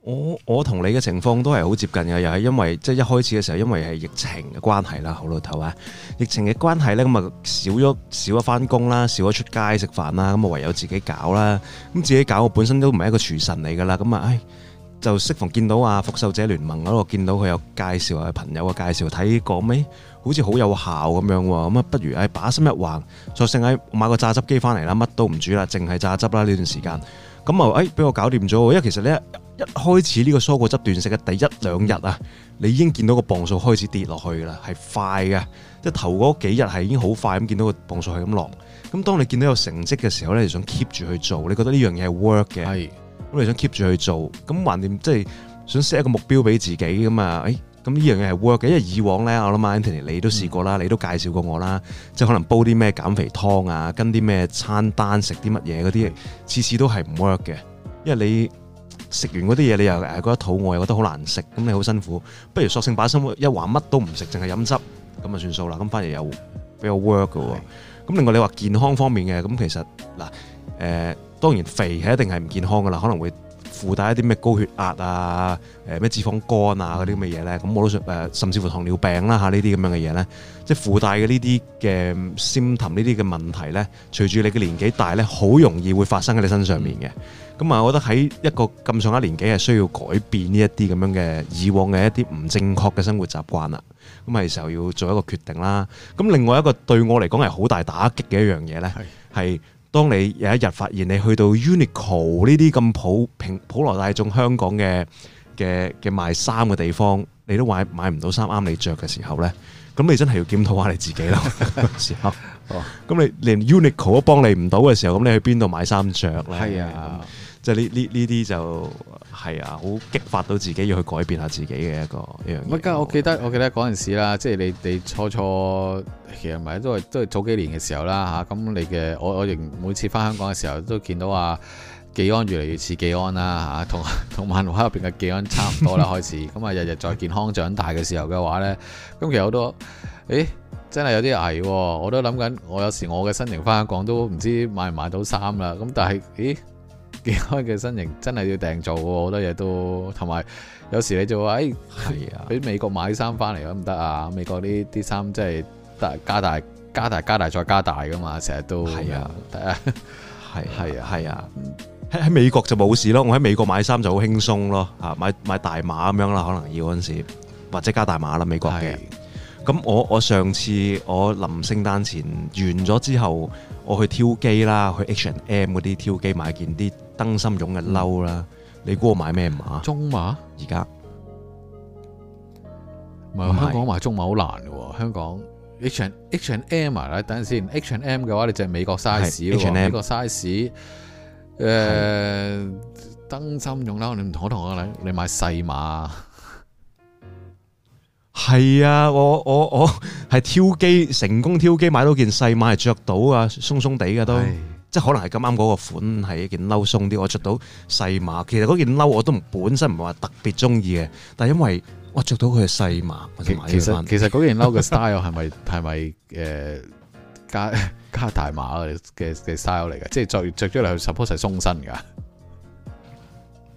Speaker 1: 我我
Speaker 2: 同你嘅情況
Speaker 1: 都係好接近嘅，又係因為即係、就是、一開始嘅時候，因為係疫情嘅關係啦。好老頭啊，疫情嘅關係呢，咁啊少咗少咗翻工啦，少咗出街食飯啦，咁啊唯有自己搞啦。咁自己搞，我本身都唔係一個廚神嚟噶啦。咁啊，就適逢見到啊復仇者聯盟嗰度見到佢有介紹啊，朋友嘅介紹睇過咩，咁好似好有效咁樣喎。咁啊，不如唉把心一橫，索性喺買個榨汁機翻嚟啦，乜都唔煮啦，淨係榨汁啦呢段時間。咁啊，唉俾我搞掂咗，因為其實呢。一開始呢個蔬果汁斷食嘅第一兩日啊，你已經見到個磅數開始跌落去㗎啦，係快嘅，即係頭嗰幾日係已經好快咁見到個磅數係咁落。咁當你見到有成績嘅時候咧，就想 keep 住去做，你覺得呢樣嘢係 work 嘅，係咁是你想 keep 住去做，咁還掂即係想 set 一個目標俾自己咁啊，誒咁呢樣嘢係 work 嘅，因為以往咧，我諗阿 Anthony 你都試過啦，嗯、你都介紹過我啦，即係可能煲啲咩減肥湯啊，跟啲咩餐單食啲乜嘢嗰啲，次、嗯、次都係唔 work 嘅，因為你。食完嗰啲嘢，你又誒覺得肚餓，又覺得好難食，咁你好辛苦，不如索性把心一橫，乜都唔食，淨係飲汁，咁就算數啦。咁反而又比較 work 嘅。咁是另外你話健康方面嘅，咁其實嗱誒、呃，當然肥係一定係唔健康噶啦，可能會附帶一啲咩高血壓啊、誒咩脂肪肝啊嗰啲咁嘅嘢咧。咁我都想誒，甚至乎糖尿病啦嚇呢啲咁樣嘅嘢咧，即係附帶嘅呢啲嘅 symptom 呢啲嘅問題咧，隨住你嘅年紀大咧，好容易會發生喺你身上面嘅。咁啊，我覺得喺一個咁上一年紀，係需要改變呢一啲咁樣嘅以往嘅一啲唔正確嘅生活習慣啦。咁係時候要做一個決定啦。咁另外一個對我嚟講係好大打擊嘅一樣嘢咧，係係當你有一日發現你去到 Uniqlo 呢啲咁普平普羅大眾香港嘅嘅嘅賣衫嘅地方，你都買買唔到衫啱你著嘅時候咧，咁你真係要檢討下你自己囉。咁你連 Uniqlo 都幫你唔到嘅時候，咁你去邊度買衫著咧？係啊。即係呢？呢呢啲就係啊，好激發到自己要去改變下自己嘅一個一
Speaker 2: 樣嘢。我記得我記得嗰陣時啦，即係你你初初其實唔係都係都係早幾年嘅時候啦嚇。咁你嘅我我亦每次翻香港嘅時候都見到啊，技安越嚟越似技安啦嚇，同同漫畫入邊嘅技安差唔多啦。 開始咁啊，日日在健康長大嘅時候嘅話呢，咁其實好多誒真係有啲危喎、啊。我都諗緊，我有時我嘅身形翻香港都唔知買唔買到衫啦。咁但係咦。技安嘅身形真係要訂做好多嘢都，同埋有，有時你就話，哎、是啊，喺美國買衫翻嚟得唔得啊？美國啲啲衫真係大加大加大加大再加大㗎嘛，成日都係是啊，啊，係係是啊係是啊，
Speaker 1: 喺喺美國就冇事咯。我喺美國買衫就好輕鬆咯，嚇買買大碼咁樣啦，可能要嗰陣時或者加大碼啦，美國嘅。咁是、啊、我我上次我臨聖誕前完咗之後，我去挑機啦，去 H and M 嗰啲挑機買件啲。燈芯絨嘅褸
Speaker 2: 啦，你估我買咩碼？中碼而家，唔係在香港買中碼好難嘅喎。香港買 H H and M 啦、啊，等陣先。H and M 嘅話，你就係美國 size 喎，H、M, 美國 size、呃。誒的，燈芯絨褸，你唔妥同我嚟，你買細碼。
Speaker 1: 係啊，我我我係挑機成功，挑機買到件細碼係着到啊，松鬆地嘅都。鬆鬆即係可能係咁啱嗰個款係一件褸鬆啲，我著到細碼。其實嗰件褸我都唔本身唔係話特別中意嘅，但係因為我著到佢係細碼。
Speaker 2: 其實其實嗰件褸嘅 style 係咪係咪誒加加大碼嘅嘅 style 嚟嘅？即係著著咗嚟，去 support 係鬆身㗎。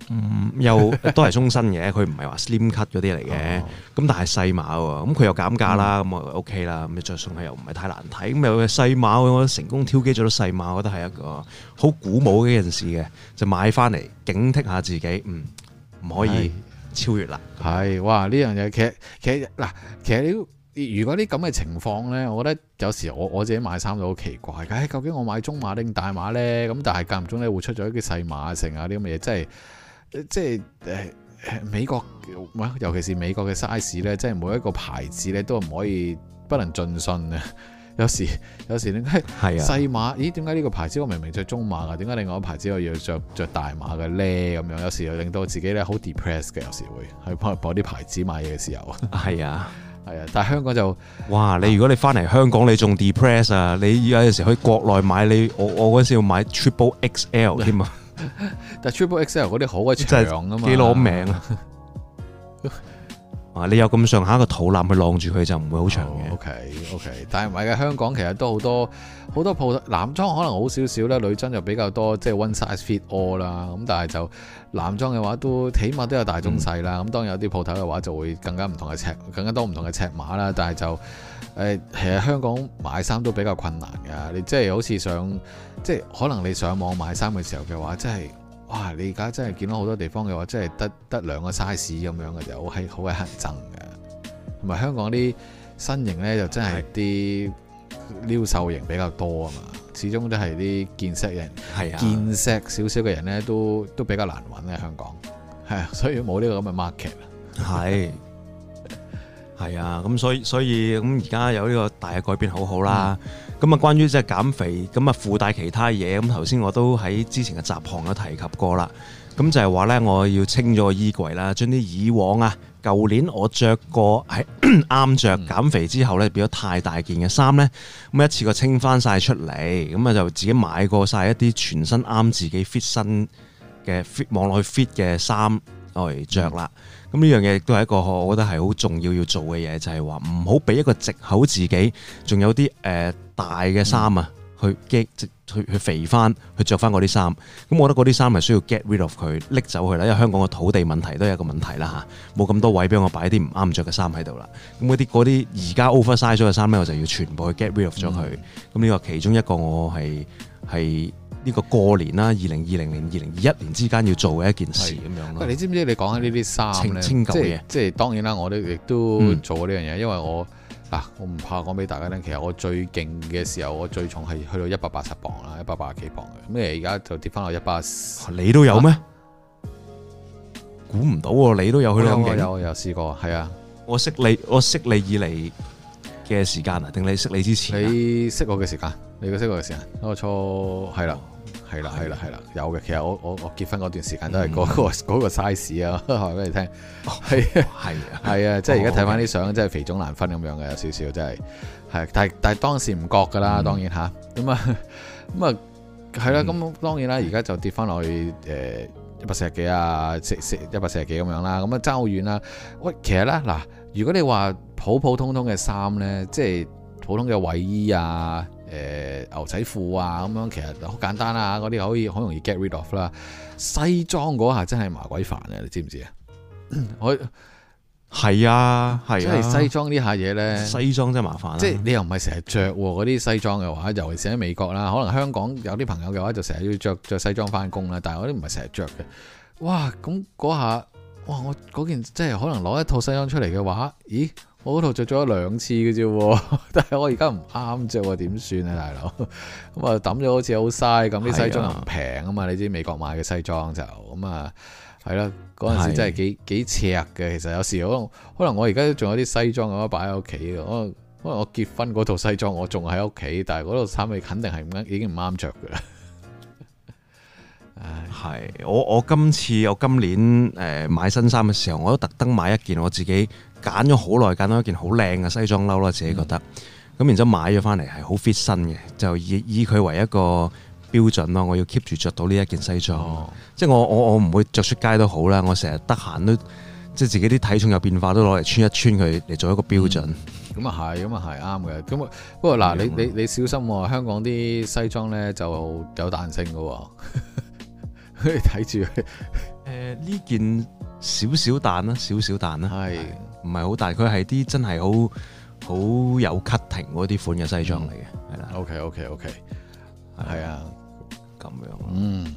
Speaker 1: 嗯，又都係中身嘅，佢唔係話 Slim cut 嗰啲嚟嘅，咁但係細碼喎，咁佢又減價啦，咁我 OK 啦，咁你着上佢又唔係太難睇，咁又細碼，我成功挑機咗。到細碼，我覺得係一個好鼓舞嘅一件事嘅，就買翻嚟警惕下自己，嗯，
Speaker 2: 唔可以超越啦。係是，哇，呢樣嘢其實其實嗱，其實，其實，其實如果啲咁嘅情況咧，我覺得有時我我自己買衫就好奇怪，哎，究竟我買中碼、定大碼咧，咁但係間唔中咧會出咗一啲細碼剩下啲咁嘅嘢，真係。即係誒美國尤其是美國嘅 size 咧，即係每一個牌子咧都唔可以不能盡信啊。有時有時點解係細碼？是啊、咦，點解呢個牌子我明明着中碼嘅，點解另外一個牌子我要着着大碼嘅咧？咁樣有時又令到自己咧好 depress 嘅。有時會喺幫啲牌子買嘢嘅時候，係是啊係啊。但係香港就
Speaker 1: 哇，你如果你翻嚟香港，你仲 depress 啊！你而家有時喺國內買你，我我嗰時要買 triple XL 添啊！
Speaker 2: 但 Triple XL 嗰啲好鬼長的嘛的啊嘛，幾攞命
Speaker 1: 啊！啊，你有咁上下個肚腩去晾住佢就唔會好長嘅。OK，OK，
Speaker 2: 但係唔係嘅，香港其實都好多好多鋪頭男裝可能好少少咧，女裝就比較多，即、就、係、是、One Size Fit All 啦。咁但係就男裝嘅話都起碼都有大中細啦。咁、嗯、當然有啲鋪頭嘅話就會更加唔同嘅尺，更加多唔同嘅尺碼啦。但係就。誒，其實香港買衫都比較困難㗎，你即係好似上，即係可能你上網買衫嘅時候嘅話，即係，哇！你而家真係見到好多地方嘅話，即係得得兩個 size 咁樣嘅，就好係好係黑憎嘅。同埋香港啲身型呢，就真係啲撩瘦型比較多啊嘛，係的始終都係啲見識嘅人，的見識少少嘅人呢，都都比較難揾嘅香港，係，所以冇呢個咁嘅 market 啊，係。
Speaker 1: 係啊，咁所以所以咁而家有呢個大嘅改變好，好好啦。咁啊，關於即係減肥，咁啊附帶其他嘢。咁頭先我都喺之前嘅集旁都提及過啦。咁、嗯、就係話呢，我要清咗個衣櫃啦，將啲以往啊，舊年我着過係啱着減肥之後呢，變咗太大件嘅衫呢，咁、嗯、一次過清翻晒出嚟，咁啊就自己買過晒一啲全身啱自己 fit 身嘅 fit 望落去 fit 嘅衫嚟着啦。嗯咁呢樣嘢亦都係一個，我覺得係好重要要做嘅嘢，就係話唔好俾一個藉口自己，仲有啲、呃、大嘅衫啊，去即去，去肥翻，去著翻嗰啲衫。咁我覺得嗰啲衫係需要 get rid of 佢，拎走佢啦。因為香港嘅土地問題都有一個問題啦吓，冇、啊、咁多位俾我擺啲唔啱著嘅衫喺度啦。咁嗰啲嗰啲而家 oversize 咗嘅衫咧，我就要全部去 get rid of 咗佢。咁呢、嗯、個其中一個我係係。呢個過年啦，二零二零年、二零二一年之間要做嘅一件事咁
Speaker 2: 是樣咯。你知唔知你講緊呢啲衫咧？即係當然啦，我都亦都做過呢樣嘢，嗯、因為我嗱、啊，我唔怕講俾大家聽。其實我最勁嘅時候，我最重係去到一百八十磅啦，一百八十幾磅嘅。咁誒，而家就跌翻落一百。你都有咩？
Speaker 1: 啊、估唔到喎、啊！你都有去到兩勁。我有我
Speaker 2: 有試過，係啊！我識你，
Speaker 1: 我識你以嚟嘅時間啊，定你識你之前、啊你？你
Speaker 2: 識我嘅時間？你嘅識我嘅時間？我錯係啦。係啦，係啦，係啦，有嘅。其實我我我結婚嗰段時間都係嗰、嗰個嗯、個 size 啊，話俾你聽。係係係啊，即係而家睇翻啲相，真係肥腫難分咁樣嘅，有少少真係。係、嗯，但但係當時唔覺㗎啦，當然吓。咁啊咁啊，係啦。咁當然啦，而家就跌翻落去誒一百四十幾啊，一百四十幾咁樣啦、啊。咁啊爭好遠啦。喂，其實咧嗱，如果你話普普通通嘅衫咧，即係普通嘅衞衣啊。誒牛仔褲啊，咁樣其實好簡單啦，嗰啲可以好容易 get rid of 啦。西裝嗰下真係麻鬼煩啊！你知唔知啊？我係啊，係啊，即係西裝呢下嘢呢？西
Speaker 1: 裝真係麻煩啦。即係
Speaker 2: 你又唔係成日著嗰啲西裝嘅話，尤其是喺美國啦，可能香港有啲朋友嘅話就成日要着著西裝翻工啦。但係我啲唔係成日着嘅，哇！咁嗰下，哇！我嗰件即係可能攞一套西裝出嚟嘅話，咦？我度着咗一兩次嘅啫，但係我而家唔啱著，點算啊，大佬？咁啊抌咗好似好嘥，咁啲西裝唔平啊嘛，是的 你知美國買嘅西裝就咁啊，係、嗯、啦，嗰陣時真係幾幾赤嘅。其實有時我可能我而家仲有啲西裝咁樣擺喺屋企，嘅。可能我結婚嗰套西裝我仲喺屋企，但係嗰套衫你肯定係已經唔啱著嘅。唉，係
Speaker 1: 我我今次我今年誒、呃、買新衫嘅時候，我都特登買一件我自己。揀咗好耐，揀到一件好靚嘅西裝褸啦，自己覺得。咁、嗯、然之後買咗翻嚟係好 fit 身嘅，就以以佢為一個標準咯。我要 keep 住着到呢一件西裝，哦、即係我我我唔會着出街都好啦。我成日得閒都即係自己啲體重有變化都攞嚟穿一穿佢嚟做一個標準。
Speaker 2: 咁啊係，咁啊係啱嘅。咁啊不過嗱樣，你你你小心喎、哦，香港啲西裝咧就有彈性噶喎、哦。 你睇住誒呢件少少彈啦，少少彈啦，係。是是唔係好大，佢係啲
Speaker 1: 真係好好有 cutting 嗰啲款嘅西裝嚟嘅，係啦、嗯。的 OK OK OK，係啊的，咁、uh, 樣。嗯，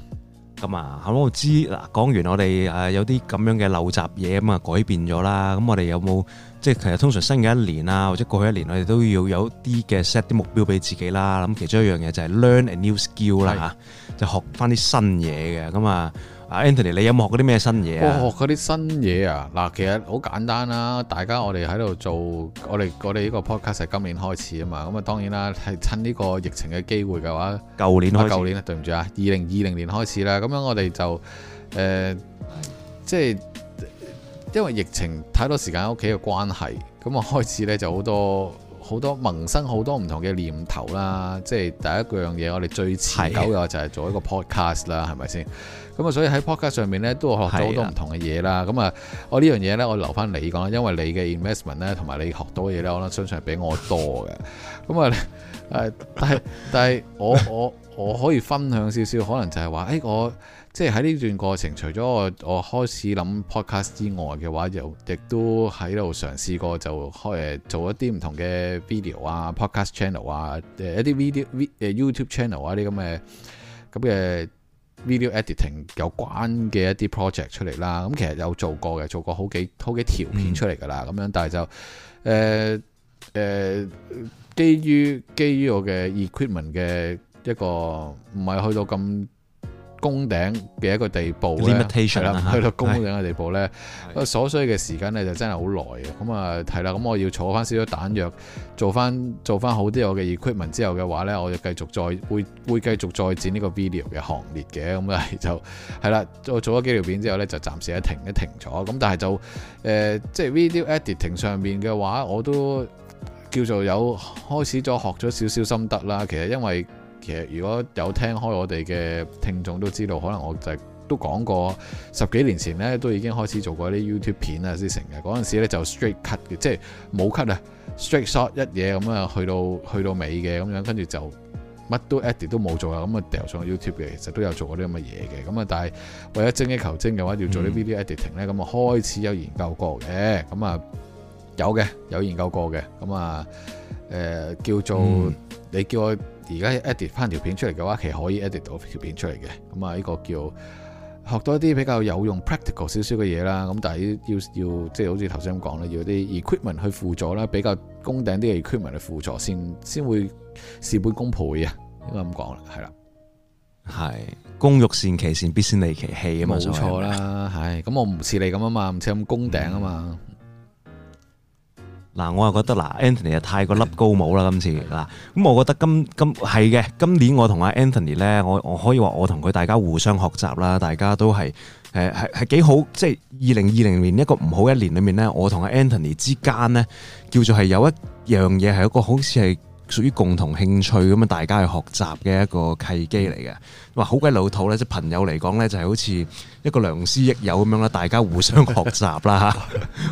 Speaker 1: 咁啊、嗯，咁我知。嗱，講完我哋誒有啲咁樣嘅陋習嘢咁啊，改變咗啦。咁我哋有冇即係其實通常新嘅一年啊，或者過去一年，我哋都要有啲嘅 set 啲目標俾自己啦。咁其中一樣嘢就係 learn a new skill 啦是的，就學翻啲新嘢嘅。咁啊。Anthony 你有冇學嗰啲咩新嘢啊？我學
Speaker 2: 嗰啲新嘢啊，嗱，其實好簡單啦。大家我哋喺度做，我哋我哋呢個 podcast 係今年開始啊嘛。咁啊，當然啦，係趁呢個疫情嘅機會嘅話，舊年開，舊年啊，對唔住啊，二零二零年開始啦。咁樣我哋就誒、呃，即係因為疫情太多時間喺屋企嘅關係，咁啊開始咧就好多好多萌生好多唔同嘅念頭啦。即係第一樣嘢，我哋最持久嘅就係做一個 podcast 啦的，係咪先？咁啊，所以喺 podcast 上面咧，都學咗好多唔同嘅嘢啦。咁啊，我呢樣嘢咧，我留翻你講，因為你嘅 investment 咧，同埋你學到嘅嘢咧，我諗相信係比我多嘅。咁啊，誒，但係但係我 我我可以分享少少，可能就係話，誒、哎，我即係喺呢段過程，除咗我我開始諗 podcast 之外嘅話，又亦都喺度嘗試過就開做一啲唔同嘅 video 啊，podcast channel 啊，誒一啲 video v 誒 YouTube channel 啊啲咁嘅咁嘅。video editing 有關嘅一啲 project 出嚟啦，咁其實有做過嘅，做過好幾好幾條片出嚟噶啦，咁樣，但係就誒誒、呃呃，基於基於我嘅 equipment 嘅一個，唔係去到咁。攻頂嘅一個地步咧，係啦，去到攻頂嘅地步咧，了所需嘅時間咧就真係好耐嘅。咁啊，係啦，咁我要儲返少少彈藥做翻做翻好啲我嘅 equipment 之後嘅話咧，我就繼續再會會繼續再剪呢個 video 嘅行列嘅。咁啊、就是，就係啦，我做咗幾條片之後咧，就暫時一停一停咗。咁但係就誒，即、呃、係、就是、video editing 上面嘅話，我都叫做有開始咗學咗少少心得啦。其實因為其實如果有聽開我哋嘅聽眾都知道，可能我就係都講過十幾年前咧，都已經開始做過啲 YouTube 片啊啲成嘅。嗰陣時咧就 straight cut 嘅，即係冇 cut 啊，straight shot 一嘢咁啊，去到去到尾嘅咁樣，跟住就乜都 edit 都冇做啊，咁啊掉上去 YouTube 嘅，其實都有做過啲咁嘅嘢嘅。咁啊，但係為咗精益求精嘅話，要做啲 video editing 咧、嗯，咁啊開始有研究過嘅。咁啊有嘅，有研究過嘅。咁啊誒叫做、嗯、你叫我。而家 edit 翻條片出嚟嘅話，其實可以 edit 到條片出嚟嘅。咁啊，呢個叫學多啲比較有用 practical 少少嘅嘢啦。咁但係要要即係好似頭先咁講啦，要啲 equipment 去輔助啦，比較工頂啲 equipment 去輔助先，先會事半功倍啊。應該咁講啦，係啦，係。工欲善其事，必先利其器啊！冇錯啦，係， 咁我唔似你咁啊嘛，唔似咁工頂啊嘛。嗯。
Speaker 1: 嗱， 我又覺得嗱，Anthony 又太過笠高帽啦，今次，嗱，咁我覺得今今係嘅，今年我同阿 Anthony 咧，我我可以話我同佢大家互相學習啦，大家都係誒係係幾好，即係二零二零年一個唔好一年裏面咧，我同阿 Anthony 之間咧，叫做係有一樣嘢係一個好似係。屬於共同興趣咁啊，大家去學習嘅一個契機嚟嘅。哇，好鬼老土咧，即係朋友嚟講咧，就係好似一個良師益友咁樣啦，大家互相學習啦，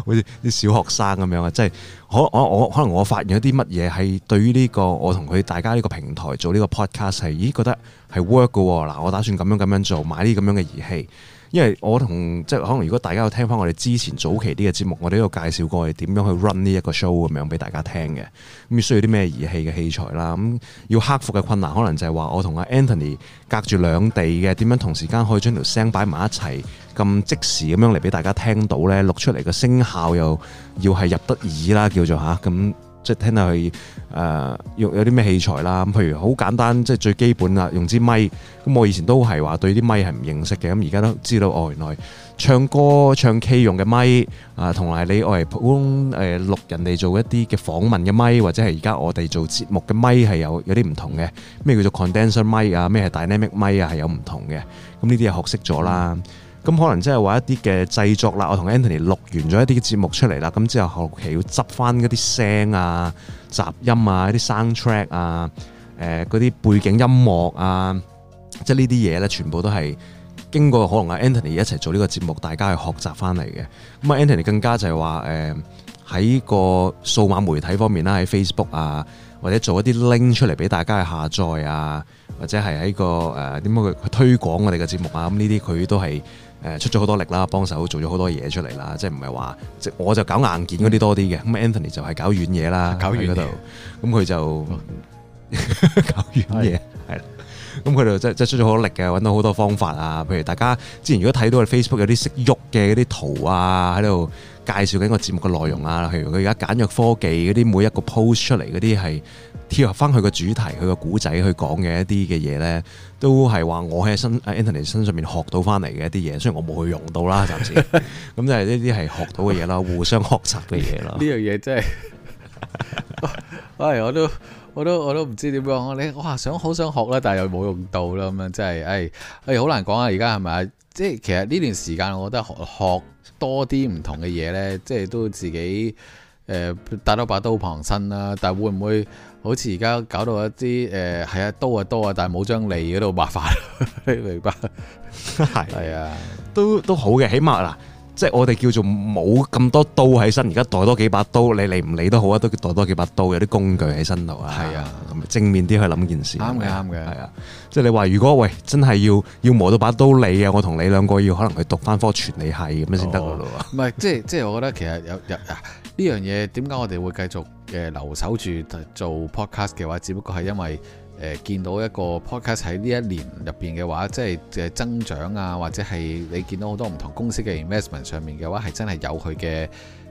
Speaker 1: 好似啲小學生咁樣啊。即係可我我可能我發現咗啲乜嘢係對於呢個我同佢大家呢個平台做呢個 podcast 係，咦，覺得係 work 嘅嗱，我打算咁樣咁樣做，買啲咁樣嘅儀器。因為我同即係可能，如果大家有聽翻我哋之前早期啲嘅節目，我哋都有介紹過係點樣去 run 呢一個 show 咁樣俾大家聽嘅。咁需要啲咩儀器嘅器材啦？咁要克服嘅困難，可能就係話我同阿 Anthony 隔住兩地嘅點樣同時間可以將條聲擺埋一齊，咁即時咁樣嚟俾大家聽到呢？錄出嚟嘅聲效又要係入得耳啦，叫做吓。咁、啊。即係聽下佢誒用有啲咩器材啦，咁譬如好簡單，即係最基本啦，用支咪。咁。我以前都係話對啲咪係唔認識嘅，咁而家都知道哦、原來唱歌唱 K 用嘅咪，啊、呃，同埋你外嚟普通誒錄人哋做一啲嘅訪問嘅咪，或者係而家我哋做節目嘅咪，係有有啲唔同嘅，咩叫做 condenser 咪啊，咩係 dynamic 咪啊，係有唔同嘅，咁呢啲就學識咗啦。咁可能即係話一啲嘅製作啦，我同 Anthony 錄完咗一啲嘅節目出嚟啦，咁之後後期要執翻嗰啲聲啊、雜音啊、一啲 soundtrack 啊、嗰、呃、啲背景音樂啊，即係呢啲嘢咧，全部都係經過可能阿 Anthony 一齊做呢個節目，大家去學習翻嚟嘅。咁阿 Anthony 更加就係話誒喺個數碼媒體方面啦，喺 Facebook 啊，或者做一啲 link 出嚟俾大家去下載啊，或者係喺個誒點樣去推廣我哋嘅節目啊。咁呢啲佢都係。誒出咗好多力啦，幫手做咗好多嘢出嚟啦，即係唔係話即我就搞硬件嗰啲多啲嘅，咁、嗯、Anthony 就係搞軟嘢啦，搞軟嗰度，咁佢就搞軟嘢係啦，咁佢 件的就即係即係出咗好多力嘅，揾到好多方法啊，譬如大家之前如果睇到我哋個 Facebook 有啲識喐嘅嗰啲圖啊，喺度介紹緊個節目嘅內容啊，譬如佢而家簡約科技嗰啲每一個 post 出嚟嗰啲係。貼合翻佢個主題，佢個古仔去講嘅一啲嘅嘢咧，都係話我喺身喺 Anthony 身上面學到翻嚟嘅一啲嘢，雖然我冇去用到啦，暫時咁就係呢啲係學到嘅嘢啦， 互相學習嘅嘢啦。
Speaker 2: 呢樣嘢真係，唉，我都我都我都唔知點樣，你我話想好想學啦，但係又冇用到啦，咁樣真係，唉、哎，唉、哎，好難講啊！而家係咪啊？即係其實呢段時間，我覺得學，學多啲唔同嘅嘢咧，即係都自己誒打多把刀旁身啦，但係會唔會？好似而家搞到一啲誒係啊刀啊刀啊，但係冇將你嗰度麻煩，明白？係係啊，都都
Speaker 1: 好嘅，起碼嗱，即係我哋叫做冇咁多刀喺身，而家袋多幾把刀，你理唔理都好啊，都袋多多幾把刀，有啲工具喺身度啊。係啊，正面啲去諗件事。啱嘅的，啱嘅的。係啊，即係你話如果喂真係要要磨到把刀嚟啊，我同你兩個要可能去讀翻科傳理係咁樣先得㗎咯。唔
Speaker 2: 係、哦， 即係即係，我覺得其實有有呢、啊、樣嘢點解我哋會繼續？嘅留守住做 podcast 嘅話，只不過係因為、呃、見到一個 podcast 喺呢一年入邊嘅話，即係增長啊，或者係你見到好多唔同公司嘅 investment 上面嘅話，係真係有佢嘅、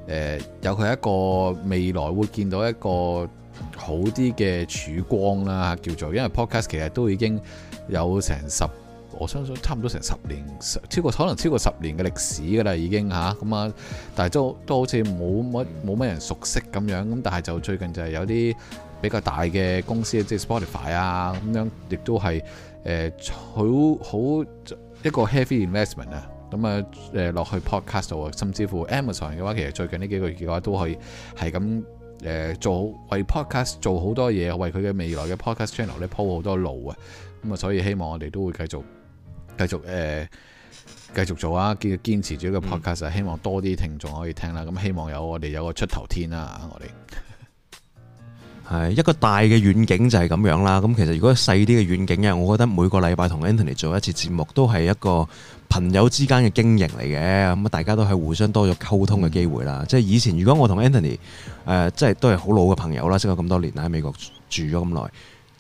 Speaker 2: 呃、有佢一個未來會見到一個好啲嘅曙光啦，叫做因為 podcast 其實都已經有成十。我相信差唔多成十年，超過可能超過十年嘅歷史㗎喇，已經吓，咁啊！但係都都好似冇乜冇乜人熟悉咁樣，咁但係就最近就係有啲比較大嘅公司，即係 Spotify 啊咁樣也是，亦都係誒好好一個 heavy investment 啊！咁啊誒落去 podcast 度啊，甚至乎 Amazon 嘅話，其實最近呢幾個月嘅話，都可以係咁誒做好為 podcast 做好多嘢，為佢嘅未來嘅 podcast channel 咧鋪好多路啊！咁啊，所以希望我哋都會繼續。繼續誒、呃，繼續做啊！堅堅持住呢個 Podcast，嗯、希望多啲聽眾可以聽啦。咁希望有我哋有個出頭天啦！我哋
Speaker 1: 係一個大嘅遠景就係咁樣啦。咁其實如果細啲嘅遠景嘅，我覺得每個禮拜同 Anthony 做一次節目都係一個朋友之間嘅經營嚟嘅。咁啊，大家都係互相多咗溝通嘅機會啦。即係以前如果我同 Anthony 誒、呃，即係都係好老嘅朋友啦，識咗咁多年，喺美國住咗咁耐。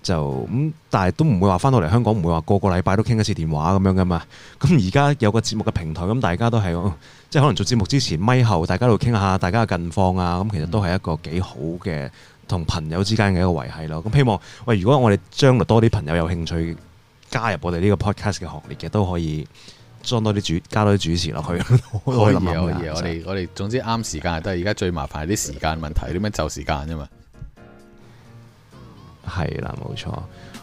Speaker 1: 就咁，但係都唔會話翻到嚟香港，唔會話個個禮拜都傾一次電話咁樣噶嘛。咁而家有個節目嘅平台，咁大家都係，即係可能做節目之前、咪後，大家都傾下大家嘅近況啊。咁其實都係一個幾好嘅，同朋友之間嘅一個維繫咯。咁希望喂，如果我哋將來多啲朋友有興趣加入我哋呢個 podcast 嘅行列嘅，都可以裝多啲主，加多啲主持落去。可以，可以，我哋
Speaker 2: 我哋，總之啱時間都係。而家係最麻煩啲時間問題，點樣就時間啫嘛。
Speaker 1: 係啦，冇錯。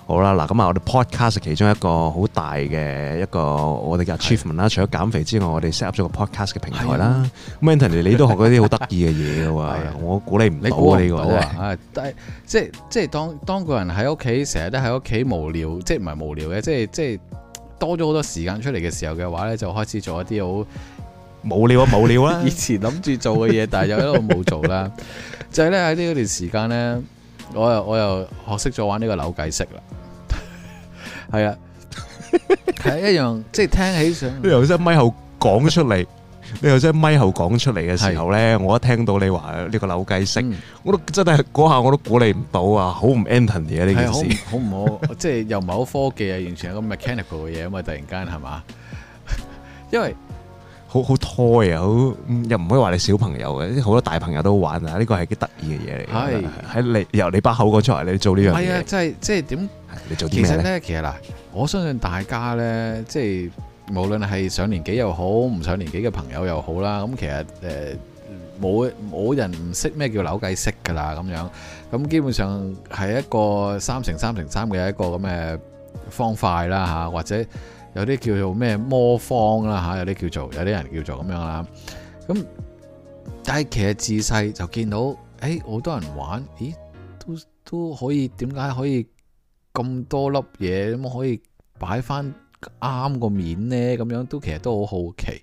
Speaker 1: 好啦，嗱，咁啊，我哋 podcast 其中一個好大嘅一個我哋嘅 achievement 啦的。除咗減肥之外，我哋 set up 咗個 podcast 嘅平台啦。的 Mentally 你都學過啲好得意嘅嘢喎，的我估、這個、你唔到啊！你估你即
Speaker 2: 係即係，當當個人喺屋企成日都喺屋企無聊，即係唔係無聊嘅，即係即係多咗好多時間出嚟嘅時候嘅話咧，就開始做一啲好無聊啊無聊啦、啊！ 以前諗住做嘅嘢，但係又一路冇做啦。 就係咧喺呢段時間咧。我又我又學識咗玩呢個扭計骰啦，係啊，係一樣，即係聽起上，
Speaker 1: 你又真係咪後講出嚟，你又真係咪後講出嚟嘅時候咧，我一聽到你話呢個扭計骰，我都真係嗰下我都估你唔到啊，好唔 ending 嘅呢件事，
Speaker 2: 好唔好？即係又唔係好科技啊，完全係個 mechanical 嘅嘢啊嘛，突然間係嘛？因為。
Speaker 1: 好好拖啊，好又唔可以話你小朋友嘅，啲好多大朋友都玩啊！呢個係幾得意嘅嘢嚟嘅。係喺你由你把口講出嚟，你做呢樣嘢。係啊，
Speaker 2: 即係即係點？你做啲咩？其實咧，其實嗱，我相信大家咧，即係無論係上年紀又好，唔上年紀嘅朋友又好啦，咁其實誒冇冇人唔識咩叫扭計骰㗎啦，咁樣咁基本上係一個三乘三乘三嘅一個咁嘅方塊啦，嚇或者。有啲叫做咩魔方啦吓，有啲叫做有啲人叫做咁樣啦。咁但係其實自細就見到，誒好多人玩，咦都都可以點解可以咁多粒嘢咁可以擺翻啱個面呢？咁樣都其實都好好奇。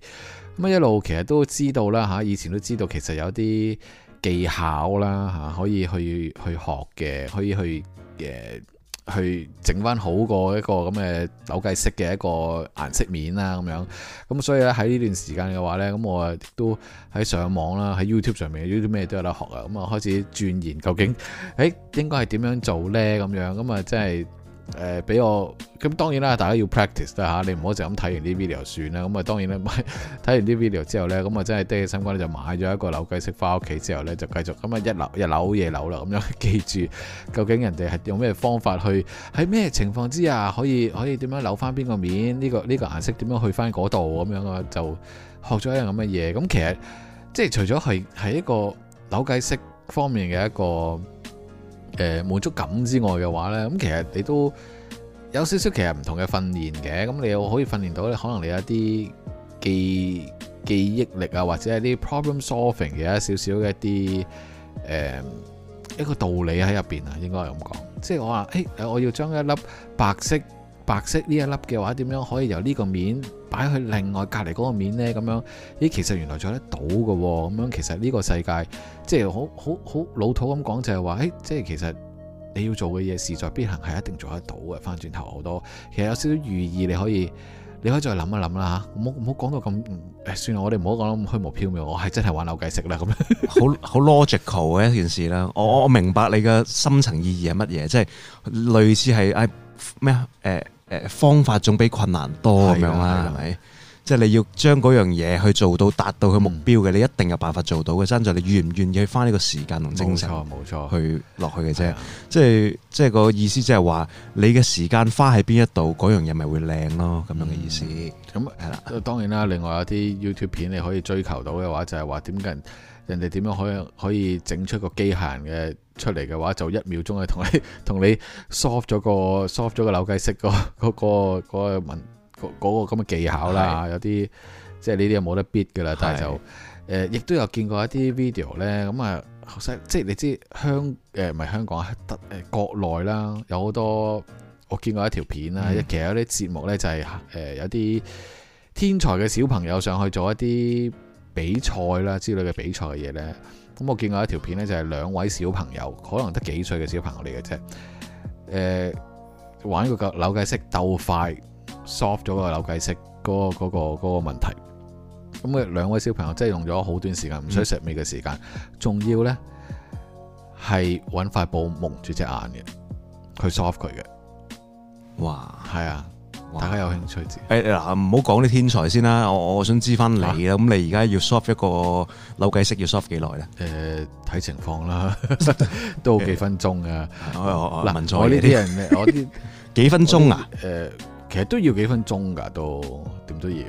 Speaker 2: 咁啊一路其實都知道啦吓，以前都知道其實有啲技巧啦吓，可以去去學嘅，可以去嘅。去整翻好過一個咁嘅扭計式嘅一個顏色面啦。咁樣咁所以咧喺呢段時間嘅話呢，咁我亦都喺上網啦，喺 YouTube 上面，YouTube 咩都有得學啊，咁啊開始鑽研究竟誒應該係點樣做呢？咁樣咁啊，真係。誒俾我咁當然啦，大家要 practice 啦嚇，你唔好就咁睇完啲 video 算啦。咁啊當然咧，睇完啲 video 之後咧，咁啊真係抵起心肝就買咗一個扭計骰，翻屋企之後咧，就繼續咁啊一扭一扭夜扭啦咁樣。記住，究竟人哋係用咩方法去喺咩情況之下可以可以點樣扭翻邊個面？呢個呢個顏色點樣去翻嗰度咁樣啊？就學咗一樣咁嘅嘢。咁其實即係除咗係係一個扭計骰方面嘅一個。誒、呃、滿足感之外嘅話呢，咁其實你都有少少其實唔同嘅訓練嘅，咁你又可以訓練到咧，可能你有一啲記記憶力啊，或者係啲 problem solving 嘅一少少一啲誒一個道理喺入邊啊，應該係咁講。即係我話，誒、欸、我要將一粒白色。白色呢一粒嘅話，點樣可以由呢個面擺去另外隔籬嗰個面呢？咁樣咦，其實原來做得到嘅。咁樣其實呢個世界即係好好好老土咁講，就係話誒，即係其實你要做嘅嘢，事在必行，係一定做得到嘅。翻轉頭好多，其實有少少寓意你，你可以你可以再諗一諗啦吓。唔好唔好講到咁誒，算啦，我哋唔好講咁虛無縹緲，我係真係玩扭計食啦咁樣，好
Speaker 1: 好 logical 嘅一件事啦。我我明白你嘅深層意義係乜嘢，即係類似係誒咩啊誒。I, 誒方法總比困難多咁樣啦，係咪？即係你要將嗰樣嘢去做到達到佢目標嘅，嗯、你一定有辦法做到嘅。真在你願唔願意去花呢個時間同精神去去，冇錯，冇錯，去落去嘅啫。即係即係個意思就是說，即係話你嘅時間花喺邊一度，嗰樣嘢咪會靚咯，咁、嗯、樣嘅意思。
Speaker 2: 咁係啦，嗯、當然啦，另外有啲 YouTube 片你可以追求到嘅話，就係話點解？人哋點樣可以可以整出個機械人嘅出嚟嘅話，就一秒鐘去同你同你 soft 咗個 soft 咗個扭計式、嗰個嗰、嗰個嗰、嗰個咁嘅、嗰個、技巧啦，的有啲即係呢啲冇得必㗎啦，但係就誒亦都有見過一啲 video 咧，咁啊好犀，即係你知香誒唔係香港得誒國內啦，有好多我見過一條片啦，一、嗯、其實有啲節目咧就係誒有啲天才嘅小朋友上去做一啲。比賽啦之類嘅比賽嘅嘢呢，咁我見過一條片呢，就係兩位小朋友，可能得幾歲嘅小朋友嚟嘅啫，誒、呃，玩個扭計骰鬥快 solve 咗個扭計骰嗰個嗰、嗰個問題。咁佢兩位小朋友真係用咗好短時間，唔需要十秒嘅時間，仲要呢係揾塊布蒙住隻眼嘅去 solve 佢嘅。
Speaker 1: 哇！係啊。大家有興趣知？誒嗱哇，唔好講啲天才先啦，我我想知翻你啦。咁、啊、你而家要 shop 一個扭計式要 shop 幾耐咧？
Speaker 2: 誒、呃，睇情況啦， 都幾分鐘啊。嗱，文才我呢啲係咩？我啲幾分鐘啊？誒、呃，其實都要幾分鐘㗎，都點都要。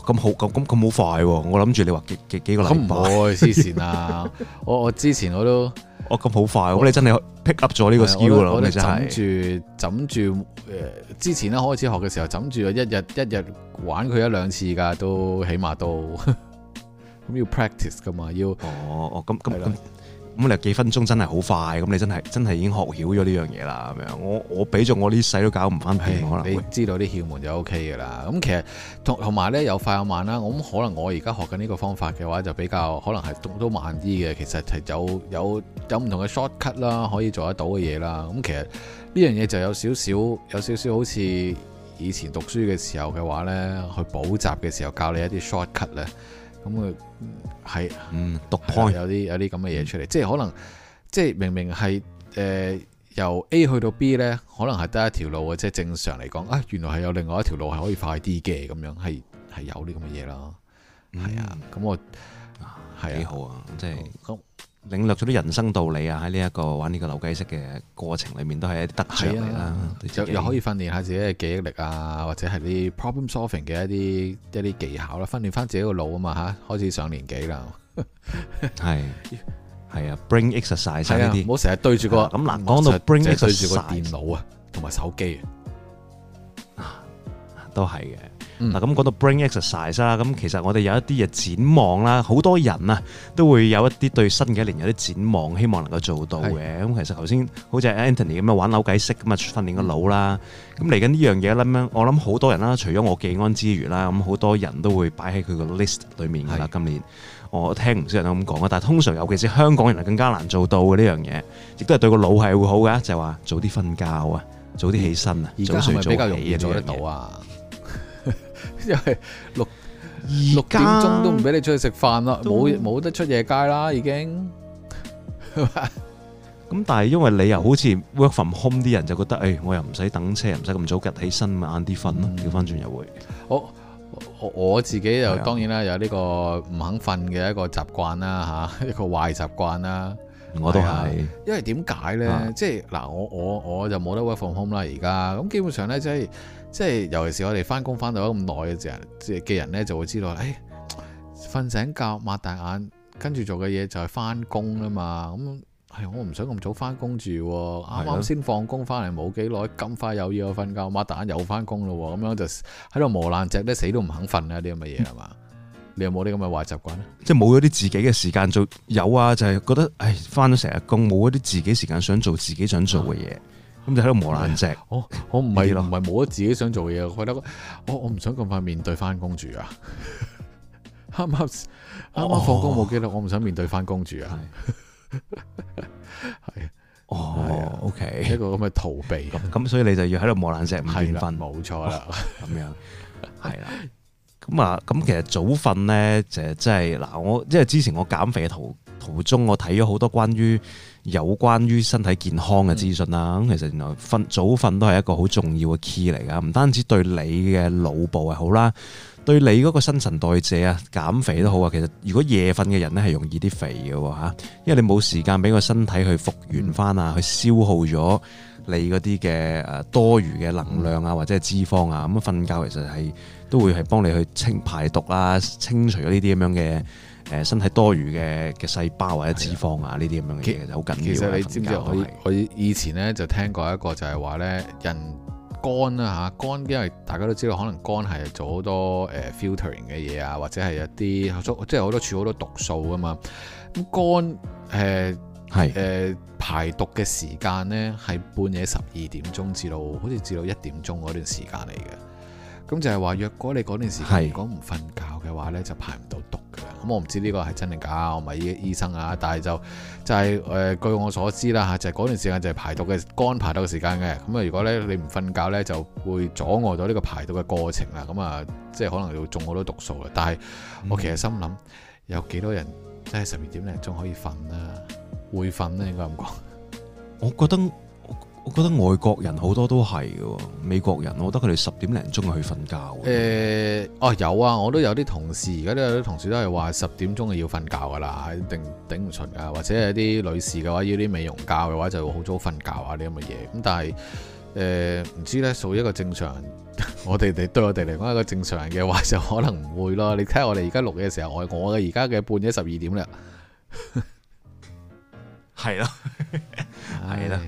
Speaker 2: 咁、哦、好咁咁咁好快喎！我諗住你話幾幾幾個禮拜？咁唔會，黐線啊！我 啊我,我之前我都，我咁好快，我你真係 pick up 咗呢個 skill 咯。我真係。枕住枕住誒，之前咧開始學嘅時候，枕住一日一日玩佢一兩次㗎，都起碼都。咁 要 practice 㗎嘛？要。哦哦，咁咁。咁你幾
Speaker 1: 分鐘真係好快，咁你真係真係已經學曉咗呢樣嘢啦。咁樣，我我俾咗我呢世都搞唔
Speaker 2: 翻掂，的可能你知道啲竅門就 OK 嘅啦。咁其實同同埋咧，有快有慢啦。咁可能我而家學緊呢個方法嘅話，就比較可能係讀都，都慢啲嘅。其實係有有有唔同嘅 short cut 啦，可以做得到嘅嘢啦。咁其實呢樣嘢就有少少有少少好似以前讀書嘅時候嘅話咧，去補習嘅時候教你一啲 short cut 咧。咁佢係，嗯，獨開、啊、有啲有啲咁嘅嘢出嚟，即係可能，即係明明係，誒、呃，由 A 去到 B 呢，可能係得一條路嘅，即係正常嚟講，啊，原來係有另外一條路係可以快啲嘅，咁樣係係有啲咁嘅嘢咯，係、嗯、啊，咁我係幾、啊、好啊，即係。領略咗啲人生
Speaker 1: 道理啊！喺呢一個玩呢個扭計式嘅過程裏面，都係一啲得嚟啦。又又可以訓
Speaker 2: 練下自己嘅記憶力啊，或者係啲 problem solving 嘅一啲一啲技巧啦，訓練翻自己個腦啊嘛吓，開始上年紀啦。
Speaker 1: 係係啊，brain exercise 係啊，唔好成日對住個咁難講到，即係對住個電腦
Speaker 2: 啊，同埋手機啊，
Speaker 1: 都係嘅。嗱，咁講、嗯、到 brain exercise 啦，咁其實我哋有一啲嘅展望啦，好多人啊都會有一啲對新嘅一年有啲展望，希望能夠做到嘅。咁是其實頭先好似 Anthony 咁啊，玩扭計式咁啊，訓練腦、嗯、個腦啦。咁嚟緊呢樣嘢我諗好多人啦，除咗我技安之餘啦，咁好多人都會擺喺佢個 list 裡面㗎啦。是今年我聽唔少人都咁講啊，但通常尤其是香港人更加難做到嘅呢樣嘢，亦、這個、都係對個腦係會好嘅，就係、是、話早啲瞓覺啊，早啲起身啊，現在 早睡早起呢
Speaker 2: 因為六六點鐘都唔俾你出去食飯啦，冇冇都得出夜街啦，已經。咁
Speaker 1: 但係因為你又好似 work from home 啲人就覺得，誒、嗯欸，我又唔使等車，又唔使咁早起身，晚啲瞓咯，調翻轉又會。
Speaker 2: 我我，我自己又是的 當然啦，有呢個唔肯瞓嘅一個習慣啦，吓一個壞習慣啦，我都係。因為點解咧？即係嗱，我我我就冇得 work from home 啦，而家咁基本上咧，即係。即係尤其是我哋翻工翻到咁耐嘅人，即係嘅人咧就會知道，誒，瞓醒覺，擘大眼跟住做嘅嘢就係翻工啦嘛。咁係我唔想咁早翻工住，啱啱先放工翻嚟冇幾耐，咁快又要瞓覺，擘大眼又翻工啦。咁樣就喺度磨爛隻，咧死都唔肯瞓啊！啲咁嘅嘢係嘛？嗯、你有冇啲咁嘅壞習慣咧？
Speaker 1: 即係冇咗啲自己嘅時間做，有啊，就係覺得誒，翻咗成日工，冇一啲自己時
Speaker 2: 間想做自己想做嘅嘢。嗯
Speaker 1: 就喺度磨爛蓆，我
Speaker 2: 我唔係啦，唔係冇咗自己想做嘢，我覺得我我唔想咁快面對翻公主啊！啱啱啱啱放工冇幾耐，剛剛記哦、我唔想面對翻公主啊！係哦，OK，一個咁嘅逃避，咁咁所以你就要喺度磨爛蓆，唔願瞓，冇錯啦，咁、哦、樣係
Speaker 1: 啦。咁啊， 咁其實早瞓咧就是、真係嗱，我即係之前我減肥嘅途途中，我睇咗好多關於。有關於身體健康嘅資訊啦。咁、嗯、其實原來瞓早瞓都係一個好重要嘅 key 嚟噶，唔單止對你嘅腦部係好啦，對你嗰個新陳代謝啊、減肥都好啊。其實如果夜瞓嘅人呢係容易啲肥嘅吓，因為你冇時間俾個身體去復原返啊，嗯、去消耗咗你嗰啲嘅誒多餘嘅能量啊，或者係脂肪啊。咁瞓覺其實係都會係幫你去清排毒啊，清除咗呢啲咁樣嘅。誒身體多餘嘅嘅細胞或者脂肪啊呢啲咁樣嘅嘢就好
Speaker 2: 緊要，啊。其實你知唔知？我以前咧就聽過一個就係話咧，人肝啊，嚇肝，因為大家都知道可能肝係做好多誒、呃、filtering 嘅嘢啊，或者係一啲即係好多儲好多毒素啊嘛。咁肝誒係誒排毒嘅時間咧，係半夜十二點鐘至到好似至到一點鐘嗰段時間嚟嘅。咁就係話，若果你嗰段時間如果唔瞓覺嘅話呢就排唔到毒嘅。咁我唔知呢個係真定假，我唔係醫生啊。但係就就係、是、誒、呃，據我所知啦嚇，就係、是、嗰段時間就係排毒嘅肝排毒嘅時間嘅。咁啊，如果咧你唔瞓覺呢，就會阻礙咗呢個排毒嘅過程啦。咁啊，即係可能要中好多毒素啦。但係我其實心諗，嗯、有幾多人即係十二點零鐘可以瞓啦？會瞓呢？應該咁講。
Speaker 1: 我覺得。我覺得外國人好多都係嘅，美國人我覺得佢哋十點零鐘去瞓覺。
Speaker 2: 誒、呃，哦、啊、有啊，我都有啲同事，而家都有啲同事都係話十點鐘要瞓覺噶啦，定頂唔順噶。或者係啲女士嘅話，要啲美容覺嘅話，就會好早瞓覺啊啲咁嘅嘢。咁但係誒唔知咧，屬於一個正常，我哋哋對我哋嚟講一個正常人嘅話就可能唔會咯。你睇下我哋而家錄嘅時候，我我而家嘅半夜十二點啦，係咯，係咯。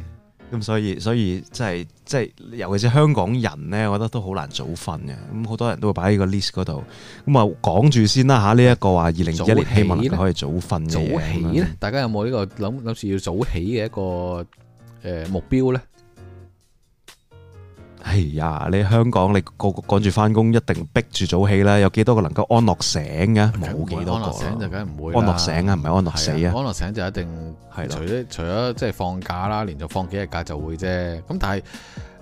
Speaker 1: 咁所以所以即係即係，尤其是香港人咧，我覺得都好難早瞓嘅。咁好多人都會擺喺個 list 嗰度，咁啊講住先啦吓。呢、這、一個話二零二一年，希望可以早瞓嘅。早起咧，
Speaker 2: 大家有冇呢個諗諗住要早起嘅一個誒目標咧？
Speaker 1: 哎呀，你香港你個個趕住翻工，一定逼住早起啦。有幾多個能夠安樂醒嘅？冇幾多安樂醒就梗係唔會安樂醒啊。安樂醒啊，唔係安樂死啊。
Speaker 2: 安樂醒就一定係啦的。除咗除咗即係放假啦，連續放幾日假就會啫。咁但係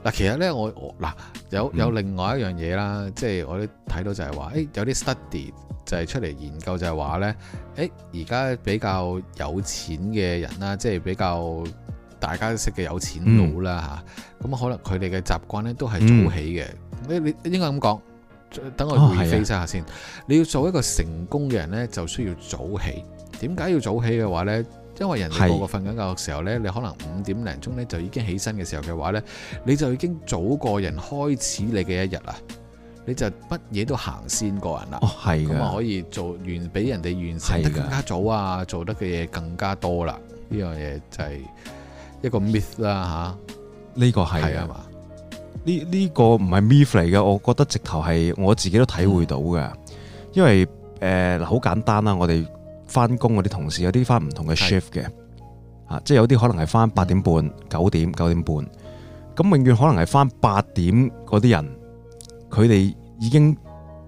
Speaker 2: 嗱，其實咧，我嗱有有另外一樣嘢啦，即係、嗯、我睇到就係話，誒有啲 study 就係出嚟研究就係話咧，誒而家比較有錢嘅人啦，即係比較。大家都識嘅有錢佬啦嚇，咁、嗯、可能佢哋嘅習慣咧都係早起嘅。你、嗯、你應該咁講，等我 face 一下先。哦、你要做一個成功嘅人咧，就需要早起。點解要早起嘅話咧？因為人個個瞓緊覺嘅時候咧，的你可能五點零鐘咧就已經起身嘅時候嘅話咧，你就已經早過人開始你嘅一日啊！你就乜嘢都行先過人啦。哦，咁啊可以做完，比人哋完成得更加早啊，的做得嘅嘢更加多啦。呢樣嘢就係、是。一個 mis 啦嚇，呢個係啊嘛，呢呢
Speaker 1: 個唔係 mis 嚟嘅，我覺得直頭係我自己都體會到嘅，嗯、因為誒好、呃、簡單啦，我哋翻工嗰啲同事有啲翻唔同嘅 shift 嘅，即係有啲可能係翻八點半、九點、九點半，咁永遠可能係翻八點嗰啲人，佢哋已經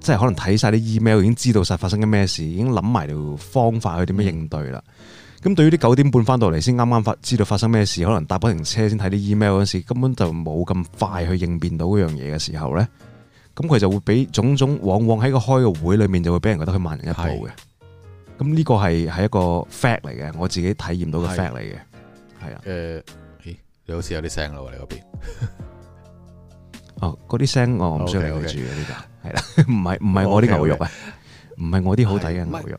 Speaker 1: 即係可能睇晒啲 email，已經知道晒發生緊咩事，已經諗埋條方法去點樣應對啦。嗯咁對於啲九點半翻到嚟先啱啱發知道發生咩事，可能搭不停車先睇啲 email 嗰時，根本就冇咁快去應變到嗰樣嘢嘅時候咧，咁佢就會俾種種往往喺個開個會裏面就會俾人覺得佢慢人一步嘅。咁呢是個係係一個 fact 嚟嘅，我自己體驗到嘅 fact 嚟嘅，
Speaker 2: 係是啊。誒、呃欸，你好似有啲聲咯，你嗰邊？
Speaker 1: 哦，嗰啲聲我唔需要留住啊，呢 Okay, okay.、這個係啦，唔係唔係我啲牛肉啊，唔係我啲好抵嘅牛肉。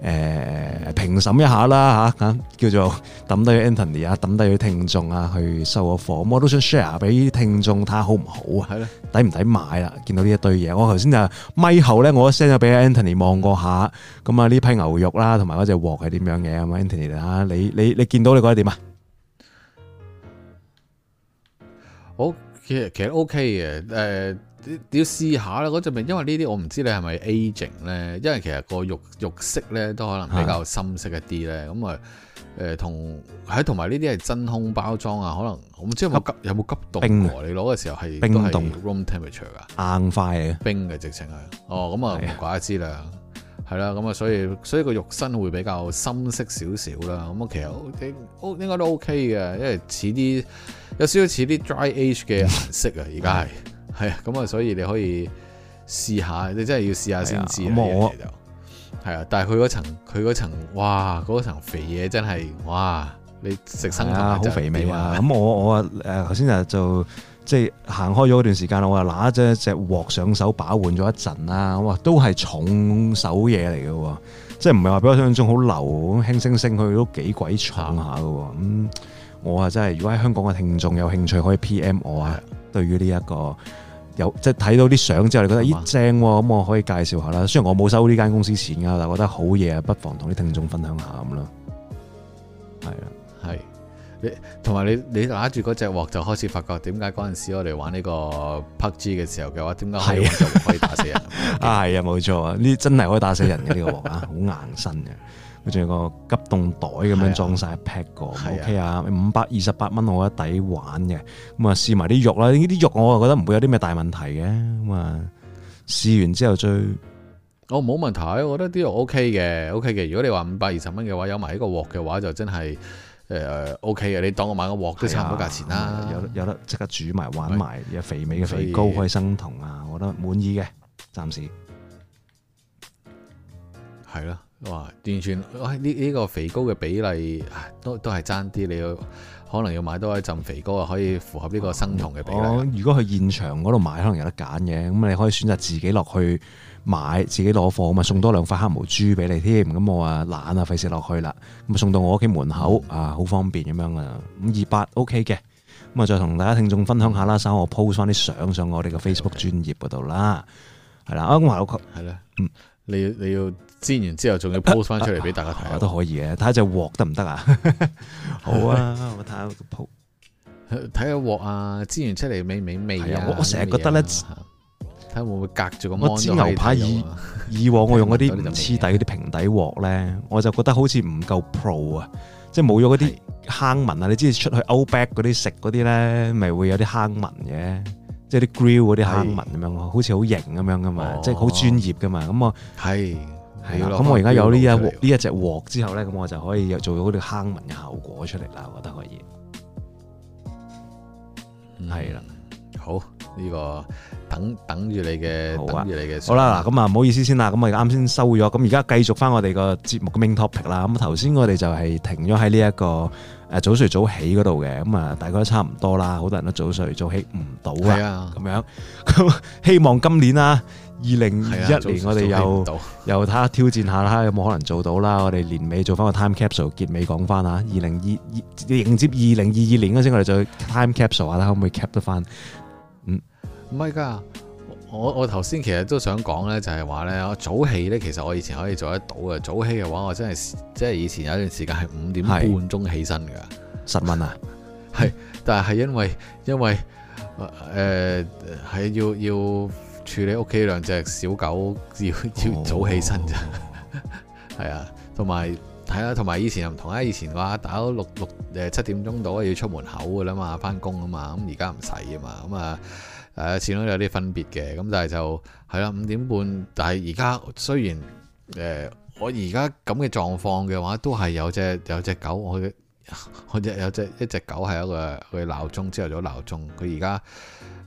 Speaker 1: 誒評審一下啦嚇嚇，叫做抌低佢 Anthony 啊，抌低佢聽眾啊，去收個貨。我都想 share 俾聽眾睇下好唔好啊，係咧，抵唔抵買啦？見到呢一堆嘢，我頭先就，咪後咧，我 send 咗俾 Anthony 望過下，咁啊呢批牛肉啦，同埋嗰隻鑊係點樣嘅啊嘛，Anthony 啊，你你你見到你覺得點啊？好，其
Speaker 2: 實其實 OK 嘅誒。你要試下啦，嗰隻咪，因為這些不是不是呢啲我唔知你係咪 aging 咧，因為其實個肉肉色咧都可能比較深色一啲咧，咁啊誒同係同埋呢啲係真空包裝啊，可能我唔知有冇有冇急,急凍？冰嚟，冰你攞嘅時候係冰凍 room temperature 噶，硬塊嘅冰嘅直情係。的哦，咁啊唔怪得知啦，係啦的，咁啊所以所以個肉身會比較深色少少啦，咁啊其實 O、OK, O 應該都 O K 嘅，因為似啲有少少似啲 dry age 嘅顏色啊，而家係。係咁啊，所以你可以試下，你真係要試下先知係啊，啊，但係佢嗰層佢嗰層，哇，嗰層肥嘢真係，哇！你食生蠔好肥味。啊！
Speaker 1: 咁我我啊，誒、 嗯，頭先就即係行開咗段時間，我啊拿隻隻鑊上手把玩咗一陣啦，哇，都係重手嘢嚟嘅。即係唔係話比我想象中好流咁輕升升，佢都幾鬼重下嘅。咁的、嗯、我啊真係，如果喺香港嘅聽眾有興趣，可以 P M 我啊，的對於呢一個。有即係睇到啲相之後，你覺得咦吧正咁，啊嗯，我可以介紹下啦。雖然我冇收呢間公司錢噶，但係覺得好嘢啊，不妨同啲聽眾分享下咁咯。
Speaker 2: 係啊，係你同埋你你拿住嗰隻鑊就開始發覺點解嗰陣時我哋玩呢個 PUBG 嘅時候嘅話，點解可以就可以打死人啊？係啊是的， 冇錯
Speaker 1: 啊，呢真係可以打死人嘅呢，這個鑊啊，好 硬身嘅。佢仲有個急凍袋咁樣裝晒，pack 過 OK 啊，五百二十八蚊我覺得抵玩嘅。咁啊試埋啲肉啦，呢啲肉我啊覺得唔會有啲咩大問題嘅。咁啊試完之後最，
Speaker 2: 我冇、哦、問題，我覺得啲肉 OK 嘅，OK 嘅。如果你話五百二十蚊嘅話，有埋呢個鑊嘅話，就真係誒、呃、OK 嘅。你當我買個鑊都差唔多價錢啦，啊，有得有得即刻煮埋
Speaker 1: 玩埋，有是肥美嘅肥膏可 okay, 生酮啊，我覺得滿意嘅，暫時
Speaker 2: 係咯。哇！完全，呢、呢、呢個肥膏嘅比例都都係爭啲，你要可能要買多一浸肥膏啊，可以符合呢個生酮嘅比例。嗯、
Speaker 1: 如果去現場嗰度買，可能有得揀嘅。咁你可以選擇自己落去買，自己攞貨咁啊，送多兩塊黑毛豬俾你添。咁我啊懶啊，費事落去啦。咁送到我屋企門口啊，好方便咁樣啊。五二八 OK 嘅。咁啊，再同大家聽眾分享一下啦，稍我 po 翻啲相上我哋嘅 Facebook 專業嗰度啦。
Speaker 2: 係啦 Okay.、啊，啊啦，的嗯。你要你要煎完之後，仲要 post 翻出嚟俾大家睇下都可以嘅，睇下隻鑊得唔得啊？好啊，我睇下個 po 睇下鑊啊，煎完出嚟味味味啊！我成日覺得咧，
Speaker 1: 睇下會唔會隔住個我煎牛扒以以往我用嗰啲黐底嗰啲平底鑊咧，我就覺得好似唔夠 pro 啊，即係冇咗嗰啲坑紋啊！的你知唔知出去 Outback 嗰啲食嗰啲咧，咪會有啲坑紋嘅？即係啲 grill 嗰啲坑紋咁樣咯，好似好型咁樣噶嘛，即係好專業噶嘛。咁我係係啦，咁我而家有呢一呢一隻鑊之後咧，咁我就可以做到嗰啲坑紋嘅效果出嚟啦。我覺得可以，
Speaker 2: 係啦，好呢個等等住你嘅，等住你嘅好啦、啊，嗱
Speaker 1: 咁啊唔好意思先啦，咁我哋啱先收咗，咁而家繼續翻我哋個節目嘅 main topic 啦。咁頭先我哋就係停咗喺呢一個。誒早睡早起嗰度嘅，咁啊大家都差唔多啦，好多人都早睡早起唔到啊，咁樣，咁希望今年啦，二零二一年、啊、我哋又又睇下挑戰下啦，睇下有冇可能做到啦？我哋年尾做翻個 time capsule 結尾講翻嚇，二零二二迎接二零二二年嗰陣，我哋再 time capsule 下啦，可唔可以 cap 得翻？
Speaker 2: 嗯，唔係㗎。我我頭先其實都想講呢，就係話呢，我早起呢，其實我以前可以做得到嘅。早起嘅話，我真係即係以前有一段時間係五點半鐘起身噶，十蚊啊，係，但係係因為因為誒係、呃，要要處理屋企兩隻小狗要，要、oh. 要早起身咋。係、oh. 啊，同埋係啊，同埋以前又唔同啊，以前嘅話打六六誒七點鐘到要出門口噶啦嘛，翻工啊嘛，咁而家唔使啊嘛，咁、嗯、啊。係啊，始終有啲分別嘅，咁但係就係啦，五點、啊、半。但係而家雖然誒、呃，我而家咁嘅狀況嘅話，都係有隻有隻狗，我嘅我有有隻一隻狗係一個個鬧鐘，朝頭早鬧鐘。佢而家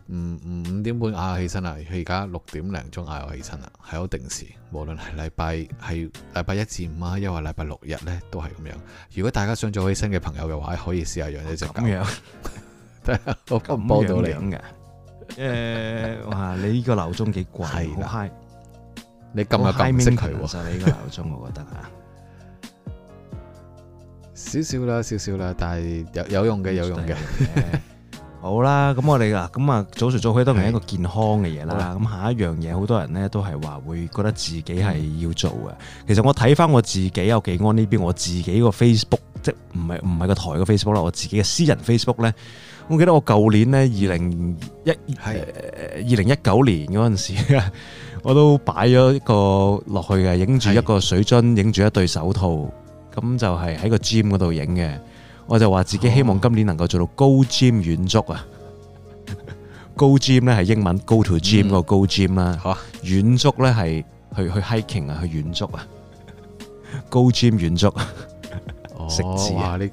Speaker 2: 五點半嗌我起身啦，佢而家六點零鐘嗌我起身啦，係好定時。無論係禮拜係禮拜一至五啊，因為禮拜六日呢，都係咁樣。如果大家想早起身嘅朋友嘅話，可以試下養一隻狗。咁樣， 看看我咁樣幫到你。誒，yeah, 哇！你呢個鬧鐘幾貴，好 high 你撳下界面識佢喎，你呢個鬧鐘我覺得吓， 少少啦，少少啦，但係有有用嘅，有用嘅。
Speaker 1: 用 好啦，咁我哋啊，咁啊早睡早起都係一個健康嘅嘢啦。咁的下一樣嘢，好多人咧都係話會覺得自己係要做嘅。的其實我睇翻我自己有技安呢邊，我自己個 Facebook。即係唔係唔係個台個 Facebook 啦，我自己嘅私人 Facebook 咧，我記得我舊年咧，二零一係二零一九年嗰陣時啊，我都擺咗一個落去嘅，影住一個水樽，影住一對手套，咁就係喺個 gym 嗰度影嘅。我就話自己希望今年能夠做到高 gym 遠足啊，高 gym 咧係英文 go to gym 個高 gym 啦，遠足咧係去去 hiking 啊，去遠足啊，高 gym 遠足。食字啊！
Speaker 2: 哇，你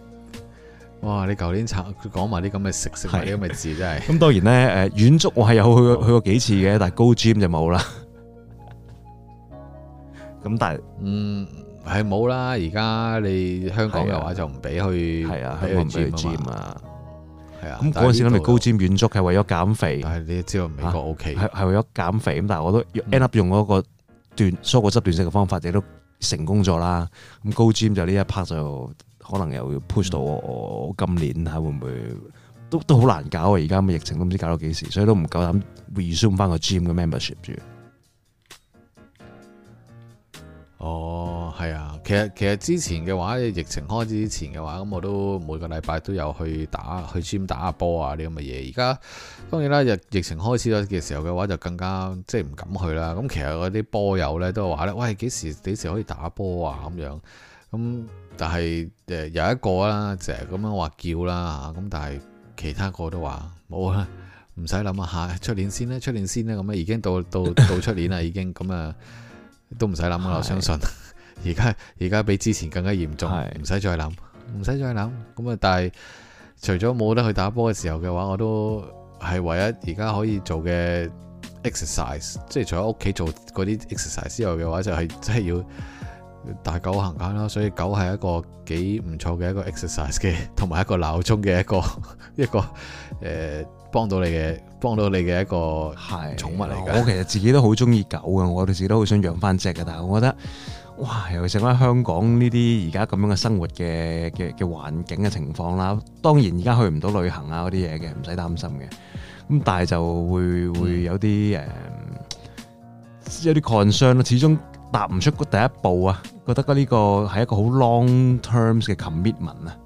Speaker 2: 哇，你舊年查佢講埋啲咁嘅食食嚟嘅咪字真係。
Speaker 1: 咁當然咧，誒，遠足我係有去過去過幾次嘅，但係高 gym
Speaker 2: 就冇啦。咁但係，嗯，係冇啦。而家你香港嘅話就唔俾去係啊，香港唔俾去 gym 啊？
Speaker 1: 係啊。咁嗰陣時諗住高 gym
Speaker 2: 遠足係為咗
Speaker 1: 減肥，但係你知道美國 OK，係係為咗減肥。咁但係我都 end up 用嗰個斷蔬果汁斷食嘅方法，你都。成功咗啦，咁高 gym 就呢一 part 就可能又要 push 到我今年睇、嗯、會唔會都都好難搞啊！而家咁嘅疫情都唔知搞到幾時，所以都唔夠膽 resume 翻個 gym 嘅 membership
Speaker 2: 住。哦，係啊，其實其實之前嘅話，疫情開始之前嘅話，咁我都每個禮拜都有去打去 gym 打下波啊啲咁嘅嘢。而家當然啦，疫疫情開始咗嘅時候嘅話，就更加即係唔敢去啦。咁其實嗰啲波友呢，都係話呢，喂，幾時幾時可以打波啊咁樣。咁但係誒有一個啦，成日咁樣話叫啦吓，咁但係其他個都話冇啊，唔使諗啊吓，出年先啦，出年先啦，咁啊已經到到到出年啦已經咁啊。都唔使諗，我相信。而家而家比之前更加嚴重，唔使是的 再諗，唔使再諗。咁啊，但係除咗冇得去打波嘅時候嘅話，我都係唯一而家可以做嘅 exercise，即係除咗屋企做嗰啲 exercise 之外嘅話，就係真係要帶狗行街啦。所以狗係一個幾唔錯嘅一個 exercise 嘅，同埋一個鬧鐘嘅一個一個，一個、呃幫到你嘅，幫到你嘅一個係寵物嚟嘅。我其實自
Speaker 1: 己都好中意狗嘅，我到時都好想養翻隻嘅。但係我覺得，哇！尤其成翻香港呢啲而家咁樣嘅生活嘅嘅嘅環境嘅情況啦。當然而家去唔到旅行啊嗰啲嘢嘅，唔使擔心嘅。咁但係就會、嗯、會有啲誒，有啲 concern。始終踏唔出第一步啊，覺得呢個係一個好 long term 嘅 commitment 啊。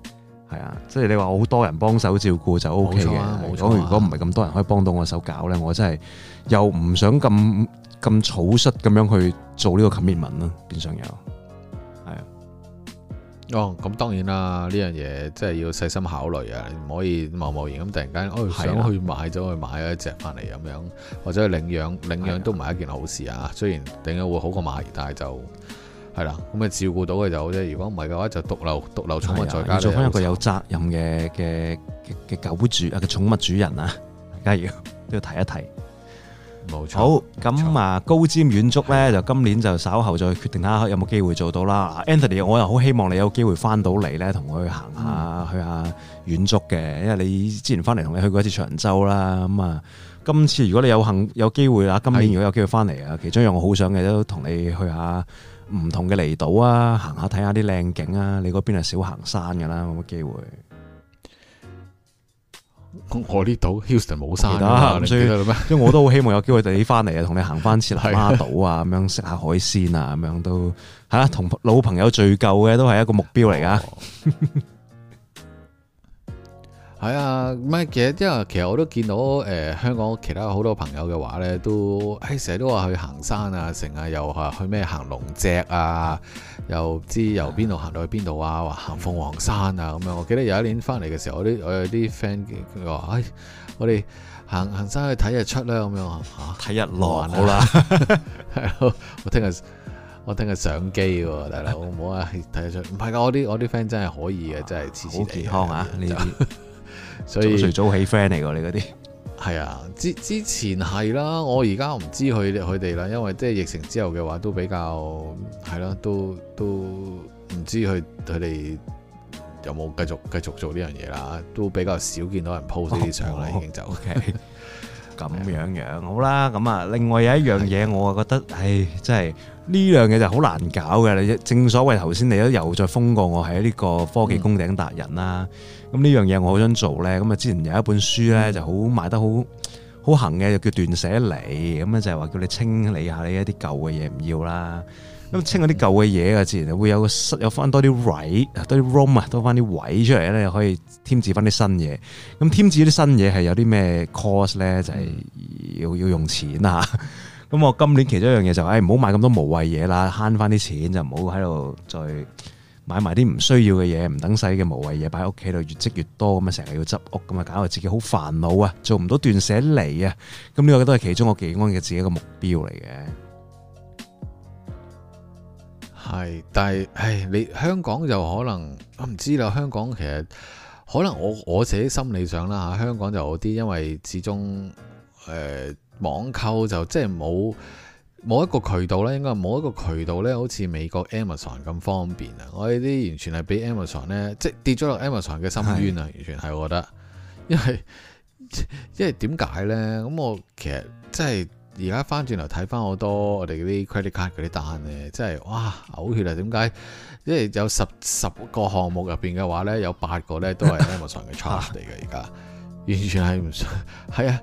Speaker 1: 係啊，即係你話好多人幫手照顧就 O K 嘅。啊啊、如果如果唔係咁多人可以幫到我手搞咧，對 我真係又唔想咁咁對 草率咁樣去做呢個 commitment 啦。變相有
Speaker 2: 係啊。哦，咁當然啦，呢樣嘢即係要細心考慮啊。你唔可以貿貿然咁突然間，哦、哎、想去買咗去買一隻翻嚟咁樣，或者去領養，領養都唔係一件好事啊。對 雖然領養會好過買，但係就。係啦，咁啊照顧到佢就好啫。如果唔係嘅話就，就獨留獨留寵物在家，做翻一個
Speaker 1: 有責任嘅嘅嘅嘅狗主啊，嘅、寵物主人啊，家要都要提一提。
Speaker 2: 冇錯錯，好
Speaker 1: 咁啊。錯高瞻遠足咧，就今年就稍後再決定下有冇機會做到啦 Anthony 我又好希望你有機會翻到嚟咧，同我去行下，嗯、去下遠足嘅。因為你之前翻嚟同你去過一次長洲啦，咁、嗯、啊，今次如果你有幸有機會啊，今年如果有機會翻嚟啊，的其中一樣我好想嘅都同你去下。唔同嘅離島啊，行下睇下啲靚景啊，你嗰邊係少行山噶啦，冇乜機會。我呢度 Houston 冇山啊，所以，所以我都好希望有機會你翻嚟啊，同你行翻次南丫島啊，咁樣食下海鮮啊，咁樣都吓同老朋友敘舊嘅，都係一個目標嚟噶。
Speaker 2: 係啊，唔係，其實因為其實我都見到誒、呃、香港其他好多朋友嘅話咧，都誒成日都話去行山啊，成日又話去咩行龍脊啊，又唔知由邊度行到去邊度啊，話行鳳凰山啊咁樣。我記得有一年翻嚟嘅時候，我啲我有啲 friend 話我哋行行山去睇日出啦，咁樣睇、啊、日落、啊、好啦吧。 我聽日我聽日相機喎大佬，好唔好啊睇日出，唔係噶，我啲我啲 friend 真係可以嘅，真係黐黐健康啊呢啲。就 所以最早起 friend 嚟噶，你嗰啲係啊，之之前係啦，我而家唔知佢佢哋啦，因為即係疫情之後嘅話，都比較係啦、啊，都都唔知佢佢哋有冇繼續繼續做呢樣嘢啦，都比較少見到人 post 啲相啦，已經就 O K。咁樣樣好啦，咁、哦 okay, 啊，另外有一
Speaker 1: 樣嘢，我啊覺得，唉、啊哎，真係呢樣嘢就好難搞嘅。你正所謂頭先你都有再封過我，係呢個科技峰頂達人啦。嗯咁呢樣嘢我好想做咧，咁啊之前有一本書咧就好賣得好好行嘅，就叫斷捨離，咁咧就係、是、話叫你清理下你一啲舊嘅嘢唔要啦。咁、嗯、清嗰啲舊嘅嘢啊，自然會有個室，有翻多啲位，多啲 room 啊，多翻啲位出嚟咧，可以添置翻啲新嘢。咁添置啲新嘢係有啲咩 cost 咧，就係、是、要、嗯、要用錢啊。咁我今年其中一樣嘢就係、是，唔、哎、好買咁多無謂嘢啦，慳翻啲錢就唔好喺度再。買埋啲唔需要嘅嘢，唔等使嘅無謂嘢擺喺屋企度，越積越多咁啊，成日要執屋，咁啊，搞到自己好煩惱啊，做唔到斷捨離啊，咁呢個都係其中一個技安嘅自己一個目標
Speaker 2: 嚟嘅。係，但係，唉，你香港就可能我唔知啦。香港其實可能我我自己心理上啦吓，香港就好啲，因為始終誒、呃、網購就即係冇。冇一個渠道咧，應該冇一個渠道咧，好似美國 Amazon 咁方便啊！我呢啲完全係畀 Amazon 咧，即係跌咗落 Amazon 嘅深淵啊！是的 完全係，我覺得，因為因為點解咧？咁我其實真係而家翻轉頭睇翻好多我哋嗰啲 credit card 嗰啲單咧，真係哇嘔血啊！點解？因為有十十個項目入邊嘅話咧，有八個咧都係 Amazon 嘅 charge 嚟嘅，而家 完全係唔係啊！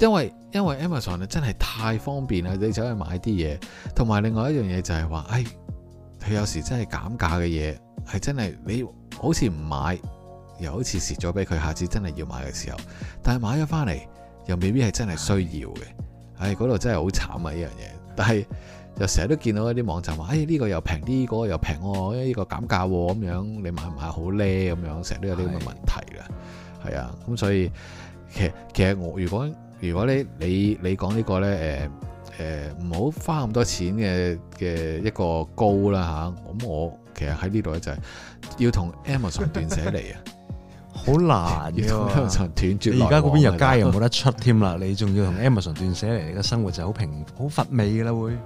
Speaker 2: 因為因為 Amazon 真係太方便啦，你走去買啲嘢，同埋另外一樣嘢就係話，誒，佢有時真係減價嘅嘢係真係你好似唔買，又好似蝕咗俾佢，下次真係要買嘅時候，但係買咗翻嚟又未必係真係需要嘅，唉，嗰度真係好慘啊呢樣嘢，但係又成日都見到一啲網站話，誒，呢個又平啲，嗰個又平喎，呢個減價喎，咁樣你買唔買好呢咁樣，成日都有啲咁嘅問題啦，係啊係呀，咁所以其實其實我如果如果你你你講呢個咧，誒誒唔好花咁多錢嘅嘅一個高啦嚇，咁我其實喺呢度就係要同 Amazon 斷捨離 啊，好難啊！斷絕而家嗰邊入街又冇得
Speaker 1: 出添啦， 你仲要同 Amazon 斷捨離，你嘅生活就好平好乏味噶啦會。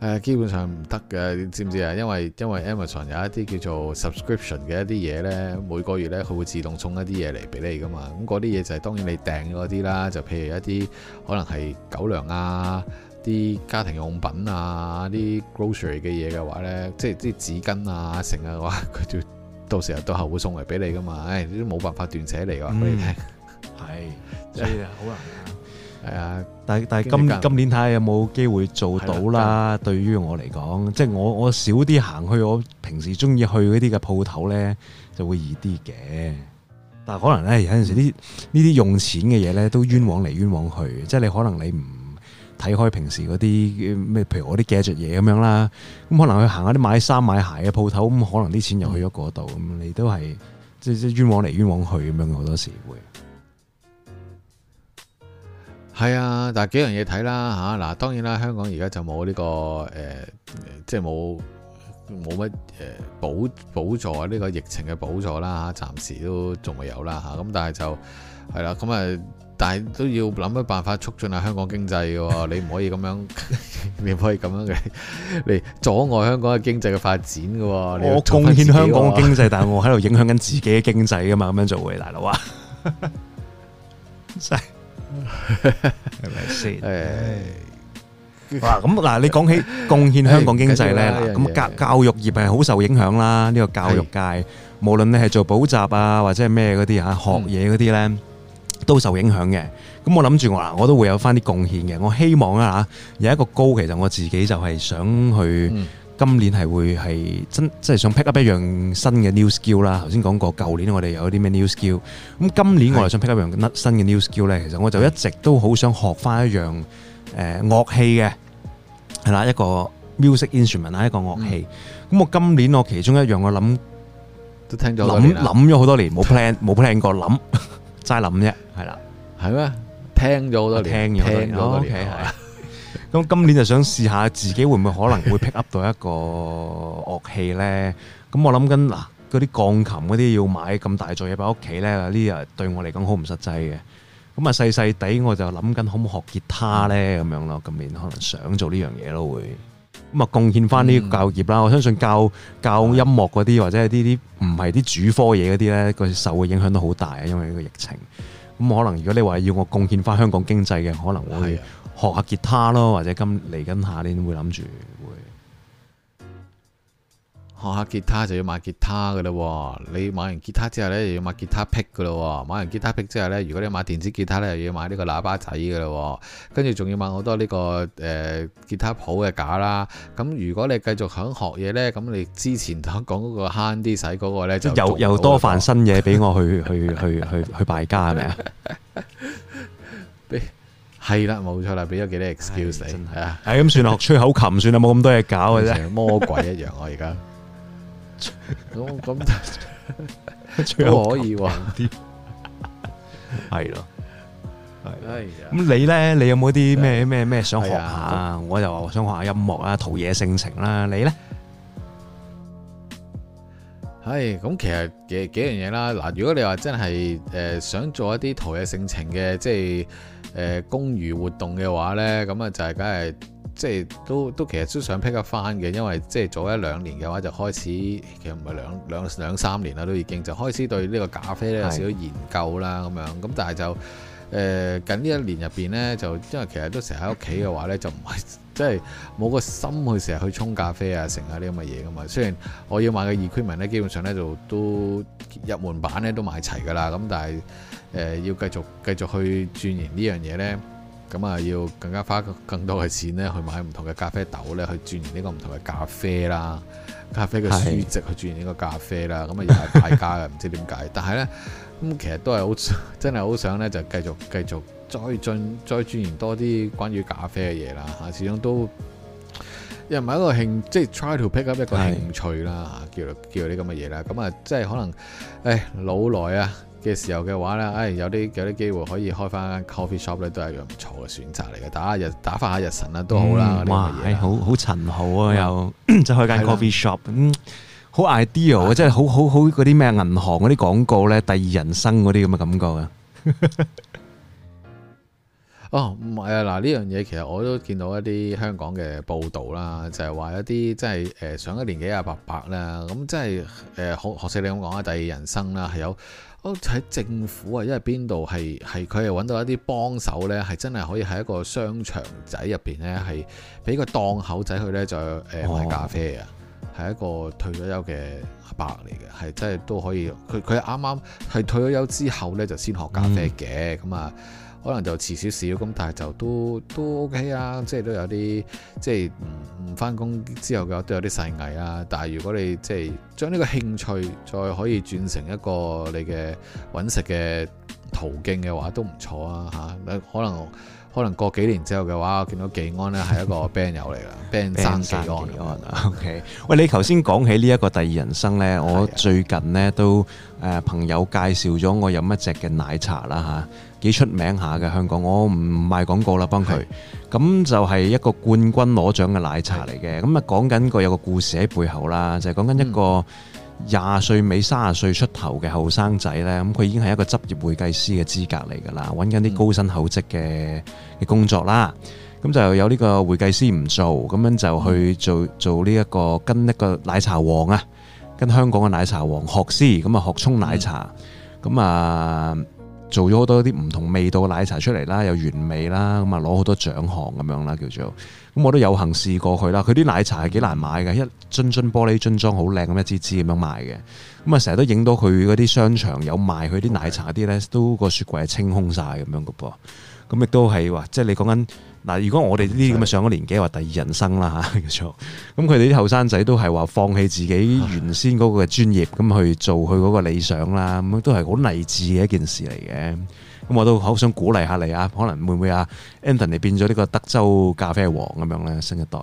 Speaker 2: 誒基本上唔得嘅，你知唔知啊？因為因為 Amazon 有一啲叫做 subscription 嘅一啲嘢咧，每個月咧佢會自動送一啲嘢嚟俾你噶嘛。咁嗰啲嘢就係、是、當然你訂嗰啲啦，就譬如一啲可能係狗糧啊、啲家庭用品啊、啲 grocery 嘅嘢嘅話咧，即係啲紙巾啊、成日啊，話佢就到時候到後會送嚟俾你噶嘛。誒、哎，你都冇辦法斷捨離嘅話俾你聽，係，嗯哎、
Speaker 1: 所以係好 難的。係啊，但係但係今今年睇下有冇機會做到啦。對於我嚟講，即係我我少啲行去我平時中意去嗰啲嘅鋪頭咧，就會易啲嘅。但係可能咧有陣時呢呢啲用錢嘅嘢咧都冤枉嚟冤枉去。即係你可能你唔睇開平時嗰啲咩，譬如我啲嘅着嘢咁樣啦。咁可能去行下啲買衫買鞋嘅鋪頭，咁可能啲錢又去咗嗰度。咁、嗯、你都係即即冤枉嚟冤枉去咁樣，好多時會。
Speaker 2: 係啊，但係幾樣嘢睇啦吓嗱，當然啦，香港而家就冇呢、這個誒，即係冇冇乜誒補補助啊，呢、這個疫情嘅補助啦吓，暫、啊、時都仲未有啦吓，咁但係就係啦，咁啊，但係、啊、都要諗一想辦法促進下香港經濟嘅，你唔可以咁樣， 樣，你唔可以咁樣嘅。嚟阻礙香港嘅經濟嘅發展嘅，我 你貢獻香港嘅經濟， 但係我喺度影響緊自己嘅經
Speaker 1: 濟噶嘛，咁樣做嚟大佬啊。 係咪
Speaker 2: 先？哇！
Speaker 1: 咁嗱，你講起貢獻香港經濟咧，咁教教育業係好受影響啦。呢個教育界，無論你係做補習啊，或者係咩嗰啲吓學嘢嗰啲咧，都受影響嘅。咁我諗住話，我都會有翻啲貢獻嘅。我希望啊，有一個高，其實我自己就係想去。今年係會係真即係想 pick up 一樣新嘅 new skill 啦。頭先講過，舊年我哋有啲咩 new skill。咁今年我哋想 pick up 一樣新嘅 new skill 咧，其實我就一直都好想學翻一樣誒樂器嘅，係啦，一個 music instrument 啦，一個樂器。咁我今年我其中一樣我諗都聽咗諗諗咗好多年，冇 plan 冇 plan 過諗，齋諗啫。係啦，係咩？
Speaker 2: 聽咗好多年，聽咗好多年 ok 係。
Speaker 1: 今年就想試下自己會唔會可能會 pick up 到一個樂器呢？咁 我諗緊嗱，嗰啲鋼琴嗰啲要買咁大座嘢擺屋企呢，呢樣對我嚟講好唔實際嘅。咁啊細細底我就諗緊，可唔可以學吉他呢？咁樣咯。今年可能想做呢樣嘢咯，會咁啊，貢獻翻呢個教育業啦。嗯、我相信教教音樂嗰啲或者係啲啲唔係啲主科嘢嗰啲呢，個受嘅影響都好大嘅，因為呢個疫情。咁可能如果你話要我貢獻翻香港經濟嘅，可能會。學下吉他咯，或者今嚟緊下年會諗住會
Speaker 2: 學下吉他，就要買吉他噶啦喎！你買完吉他之後咧，又要買吉他 pick 噶咯喎！買完吉他 pick 之後咧，如果你買電子吉他咧，又要買呢個喇叭仔噶咯喎！跟住仲要買好多呢、呢個誒、呃、吉他譜嘅架啦。咁如果你繼續響學嘢咧，咁你之前講講嗰個慳啲使嗰個咧，即又又多返
Speaker 1: 新嘢俾我去 去去去去敗家係咪啊？是
Speaker 2: 係啦，冇錯啦，俾咗幾多 excuse 你，真係
Speaker 1: 啊，係咁算啦，學吹口琴算啦，冇咁多嘢搞嘅啫，魔
Speaker 2: 鬼一樣我而家，咁可以啲，係咯，係，咁你咧，
Speaker 1: 你有冇啲咩咩咩想學下啊？我又話想學下音樂啊，陶冶性情啦，你
Speaker 2: 咧？係，咁其實幾幾樣嘢啦，嗱，如果你話真係誒想做一啲陶冶性情嘅，即係。誒、呃、公餘活動嘅話咧，咁啊就係梗係即係都都其實都想 pick up 翻嘅，因為即係早一兩年嘅話就開始，其實唔係兩兩兩三年啦，都已經就開始對呢個咖啡咧有少少研究啦咁的樣。咁但係就誒、呃、近呢一年入邊咧，就因為其實都成日喺屋企嘅話咧，就唔係即係冇個心去成日去沖咖啡啊、成下呢咁嘅嘢噶嘛。雖然我要買嘅 equipment 咧，基本上咧就都入門版咧都買齊噶啦，咁但係。誒、呃，要繼續繼續去鑽研呢樣嘢咧，咁啊要更加花更多嘅錢咧，去買唔同嘅咖啡豆咧，去鑽研呢個唔同嘅咖啡啦，咖啡嘅書籍去鑽研呢個咖啡啦，咁啊又係大家嘅，唔 知點解。但係咧，咁、嗯、其實都係好真係好想咧，就繼續繼續再進再鑽研多啲關於咖啡嘅嘢啦。吓，始終都又唔係一個興，即係 try to pick up 一個興趣啦，的叫叫啲咁嘅嘢啦。咁啊，即係可能誒、哎、老來啊。嘅時候嘅話咧，誒、哎、有啲有啲機會可以開翻間 coffee shop 咧，都係一樣唔錯嘅選擇嚟嘅。打日打發下日神啊，都好啦。哇，
Speaker 1: 哎、好好陳豪啊，又、嗯、就開間 coffee shop，了、嗯、好 ideal、啊、即係好好好嗰啲咩銀行嗰啲廣告咧，第二人生嗰啲咁嘅感覺啊。
Speaker 2: 哦，唔係啊，嗱呢樣嘢其實我都見到一啲香港嘅報道啦，就係、是、話一啲即係誒上一年紀阿伯伯啦，咁即係誒學學識你咁講啊，第二人生啦，係有。我睇政府啊，因為邊度係係佢係揾到一啲幫手呢？係真係可以喺一個商場仔入邊呢，係俾個檔口仔佢呢。就誒賣咖啡啊，係、oh. 一個退咗休嘅阿伯嚟嘅，係真係都可以。佢佢啱啱係退咗休之後呢，就先學咖啡嘅，咁啊、mm.。可能就遲少少咁，但係就都都 OK 啊！即係都有啲即係唔唔翻工之後嘅話都有啲細藝啊！但係如果你即係將呢個興趣再可以轉成一個你嘅揾食嘅途徑嘅話，都唔錯啊！嚇，可能。可能過幾年之後嘅話，我見到記安技安呢係一個 band 友嚟啦，band 生技安。OK，
Speaker 1: 喂，你頭先講起呢一個第二人生呢，我最近呢都誒朋友介紹咗我飲一隻嘅奶茶啦嚇，幾出名下嘅香港，我唔賣廣告啦，幫佢。咁就係一個冠軍攞獎嘅奶茶嚟嘅，咁啊講緊個有個故事喺背後啦，就係講緊一個。廿歲尾、三十歲出頭嘅後生仔呢，咁佢已經係一個執業會計師嘅資格嚟㗎啦，揾緊啲高薪厚職嘅嘅工作啦。咁、嗯、就有呢個會計師唔做，咁樣就去做做呢、個、一個跟一個奶茶王啊，跟香港嘅奶茶王學師，咁啊學沖奶茶，咁、嗯、啊。做咗好多啲唔同味道嘅奶茶出嚟啦，有原味啦，咁啊攞好多獎項咁樣啦叫做，咁我都有幸試過佢啦。佢啲奶茶係幾難買嘅，一樽樽玻璃樽裝好靚咁一支支咁樣賣嘅，咁啊成日都影到佢嗰啲商場有賣佢啲奶茶啲咧，都個雪櫃係清空晒咁樣嘅噃，咁亦都係話，即係你講緊。就是嗱，如果我哋呢啲咁嘅上咗年紀話第二人生啦嚇，叫做咁佢哋啲後生仔都係話放棄自己原先嗰個專業咁去做佢嗰個理想啦，咁的都係好勵志嘅一件事嚟嘅。咁的我都好想鼓勵下你啊，可能會唔會啊，Anthony 變咗呢個德州咖啡王咁樣咧？新一代。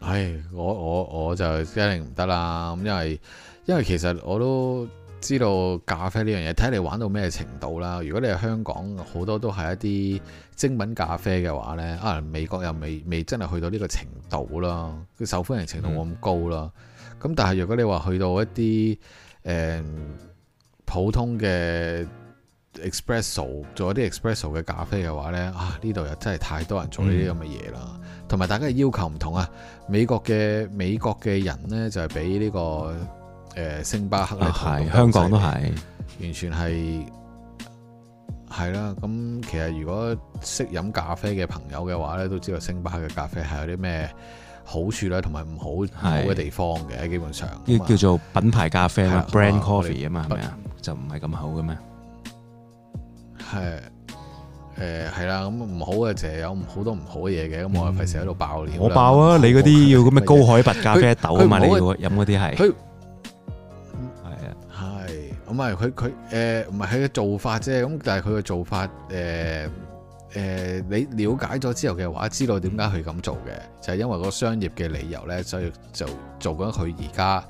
Speaker 2: 係，我我我就唔得啦。咁因為因為其實我都。知道咖啡呢樣嘢，睇你玩到咩程度啦。如果你係香港，好多都係一啲精品咖啡嘅話咧，啊美國又未未真係去到呢個程度啦，佢受歡迎程度冇咁高啦。咁、嗯、但係如果你話去到一啲誒、嗯、普通嘅 espresso，做一啲 espresso 嘅咖啡嘅話咧，啊呢度又真係太多人做呢啲咁嘅嘢啦。同埋、嗯、大家嘅要求唔同啊，美國嘅美國嘅人呢，就係俾呢個。誒，星巴克啦，係香港都係，完全係係啦。咁其實如果識飲咖啡嘅朋友嘅話咧，都知道星巴克嘅咖啡係有啲咩好處咧，同埋唔好好嘅地方嘅。基本上，叫做
Speaker 1: 品牌咖啡 brand coffee 啊嘛，係咪啊？
Speaker 2: 就唔係咁好嘅咩？係誒，係啦，咁唔好嘅就係有好多唔好嘅嘢嘅。咁我費事喺度爆料，我爆啊！你嗰啲要咁嘅高海拔咖啡豆啊嘛，你要飲嗰啲係。唔係佢佢誒，唔係佢嘅做法啫。咁但係佢嘅做法誒、呃呃、你了解咗之後嘅話，知道點解佢咁做嘅，就係、是、因為個商業嘅理由呢。所以就做緊佢而家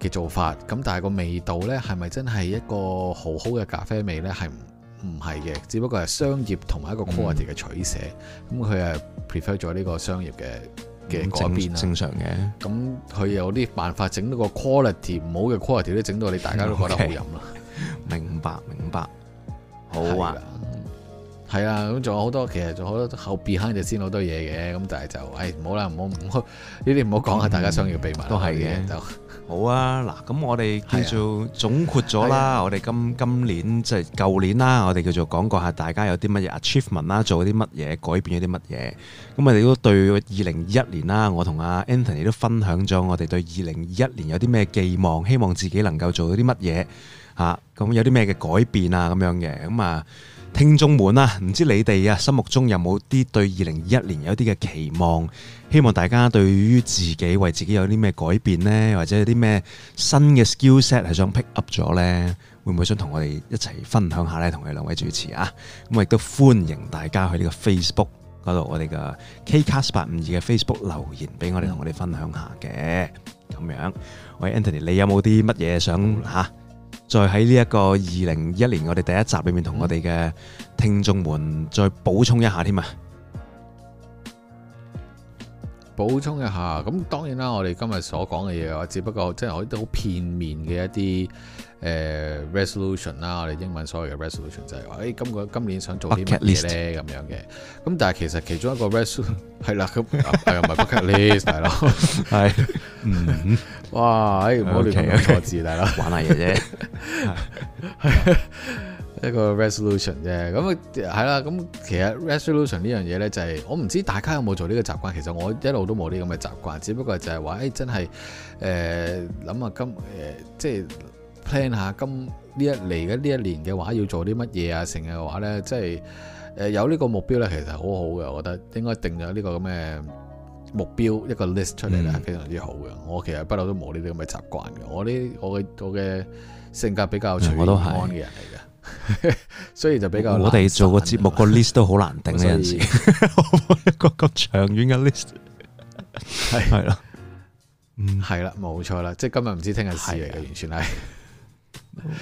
Speaker 2: 嘅做法。咁但係個味道呢，係咪真係一個好好嘅咖啡味呢？係唔唔係嘅。只不過係商業同埋一個 quality 嘅取捨。咁佢係 prefer 咗呢個商業嘅。嘅改變正常嘅。咁佢有啲辦法整到個 quality 唔好嘅 quality，都整到你大家都覺得好飲啦。明白，明白。的好啊玩，係啊、嗯。咁仲有好多，其實仲好多後邊肯定係先好多嘢嘅。咁但係就，誒、哎，唔好啦，唔好唔好，呢啲唔好講下大家想要秘密、嗯。都係嘅。就。
Speaker 1: 好啊，嗱，咁我哋叫做總括咗啦，我哋今今年即係舊年啦，我哋叫做講過下大家有啲乜嘢 achievement 啦，做啲乜嘢改變咗啲乜嘢，咁我哋都對二零二一年啦，我同阿 Anthony 都分享咗我哋對二零二一年有啲咩寄望，希望自己能夠做到啲乜嘢嚇，咁有啲咩嘅改變啊咁樣嘅，咁啊。聽眾們啊，唔知你哋啊心目中有冇啲對二零二一年有啲嘅期望？希望大家對於自己為自己有啲咩改變咧，或者有啲咩新嘅 skill set 係想 pick up 咗咧，會唔會想同我哋一齊分享下咧？同佢兩位主持啊，咁我亦都歡迎大家去呢個 Facebook 嗰度，我哋嘅 Kcast 八五二嘅 Facebook 留言，俾我哋同我哋分享下嘅咁樣。喂，Anthony，你有冇啲乜嘢想吓？再喺呢一個二零一年我哋第一集裏面同我哋嘅聽眾們再補充一下添啊，
Speaker 2: 補充一下。咁當然啦，我哋今日所講嘅嘢，我只不過即係我啲好片面嘅一啲誒 resolution 啦。我哋英文所謂嘅 resolution 就係話誒，今個今年想做啲乜嘢咧，咁樣嘅。咁但係其實其中一個 resolution 係啦，咁唔係 bucket list 大佬，係。嗯，哇！唔好亂寫錯字，大佬玩下嘢啫，一個 resolution 啫。咁係啦，咁其實 resolution 呢樣嘢咧，就係我唔知大家有冇做呢個習慣。其實我一路都冇呢咁嘅習慣，只不過就係話，誒，真係誒諗下，今誒即係 plan 下今呢一嚟嘅呢一年嘅話，要做啲乜嘢啊？成日嘅話咧，即係誒有呢個目標咧，其實好好嘅，我覺得應該定咗呢個咁嘅。目標一個 list 出嚟咧，係非常之好嘅。嗯、我其實不嬲都冇呢啲咁嘅習慣嘅。我呢，我嘅我嘅性格比較處安嘅人嚟嘅，嗯、 所以就比較我哋
Speaker 1: 做個節目個 list 都好難定嘅陣時， 我冇一個咁長遠嘅 list，係係咯，
Speaker 2: 嗯，係啦，冇錯啦，即係今日唔知聽日事嚟嘅，完全係。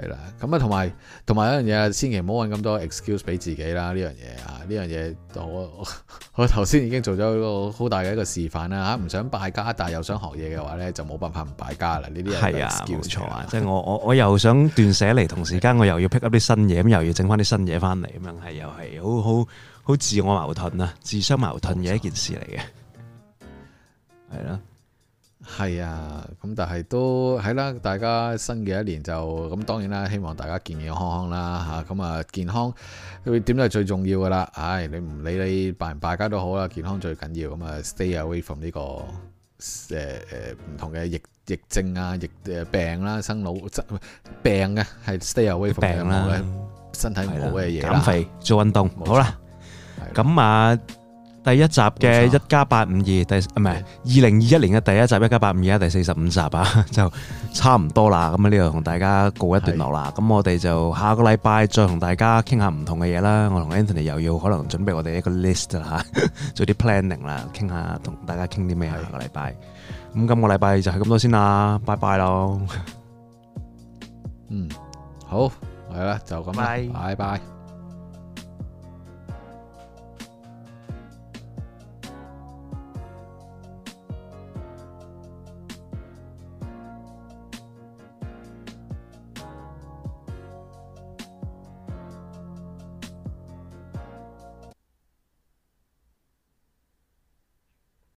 Speaker 2: 係啦，咁啊，同埋同埋一樣嘢啊，千祈唔好搵咁多 excuse 俾自己啦，呢樣嘢啊，呢樣嘢我我頭先已經做咗個好大嘅一個示範啦，吓唔想敗家，但係又想學嘢嘅話咧，就冇辦法唔敗家啦，呢啲係 excuse 錯啊，了即
Speaker 1: 係我我我又想斷捨離，的同時間我又要 pick up 啲新嘢，咁又要整翻啲新嘢翻嚟，咁樣係又係好好好自我矛盾啊，自相矛盾嘅一件事嚟嘅，
Speaker 2: 係錯啦。係啊，咁但係都係啦，大家新嘅一年就咁，當然啦，希望大家健健康康啦吓，咁啊健康佢點都係最重要噶啦。唉，你唔理你敗唔敗家都好啦，健康最緊要。咁啊，stay away from 呢個誒誒唔同嘅疫疫症啊，疫誒病啦，生老病嘅係 stay away from 病啦，身體唔好嘅嘢啦，減肥
Speaker 1: 做運動。好啦，咁啊。第一集嘅一加八五二，52, 差第唔係二零二一年嘅第一集一加八五二啦，第四十五集啊，就差唔多啦。咁啊，呢度同大家告一段落啦。咁是我哋就下個禮拜再同大家傾下唔同嘅嘢啦。我同 Anthony 又要可能準備我哋一個 list 啦，做啲 planning 啦，傾下同大家傾啲咩下個禮拜。咁今是個禮拜就係咁多先啦，拜拜咯。嗯，
Speaker 2: 好係啦，就咁啦，拜拜 Bye。Bye bye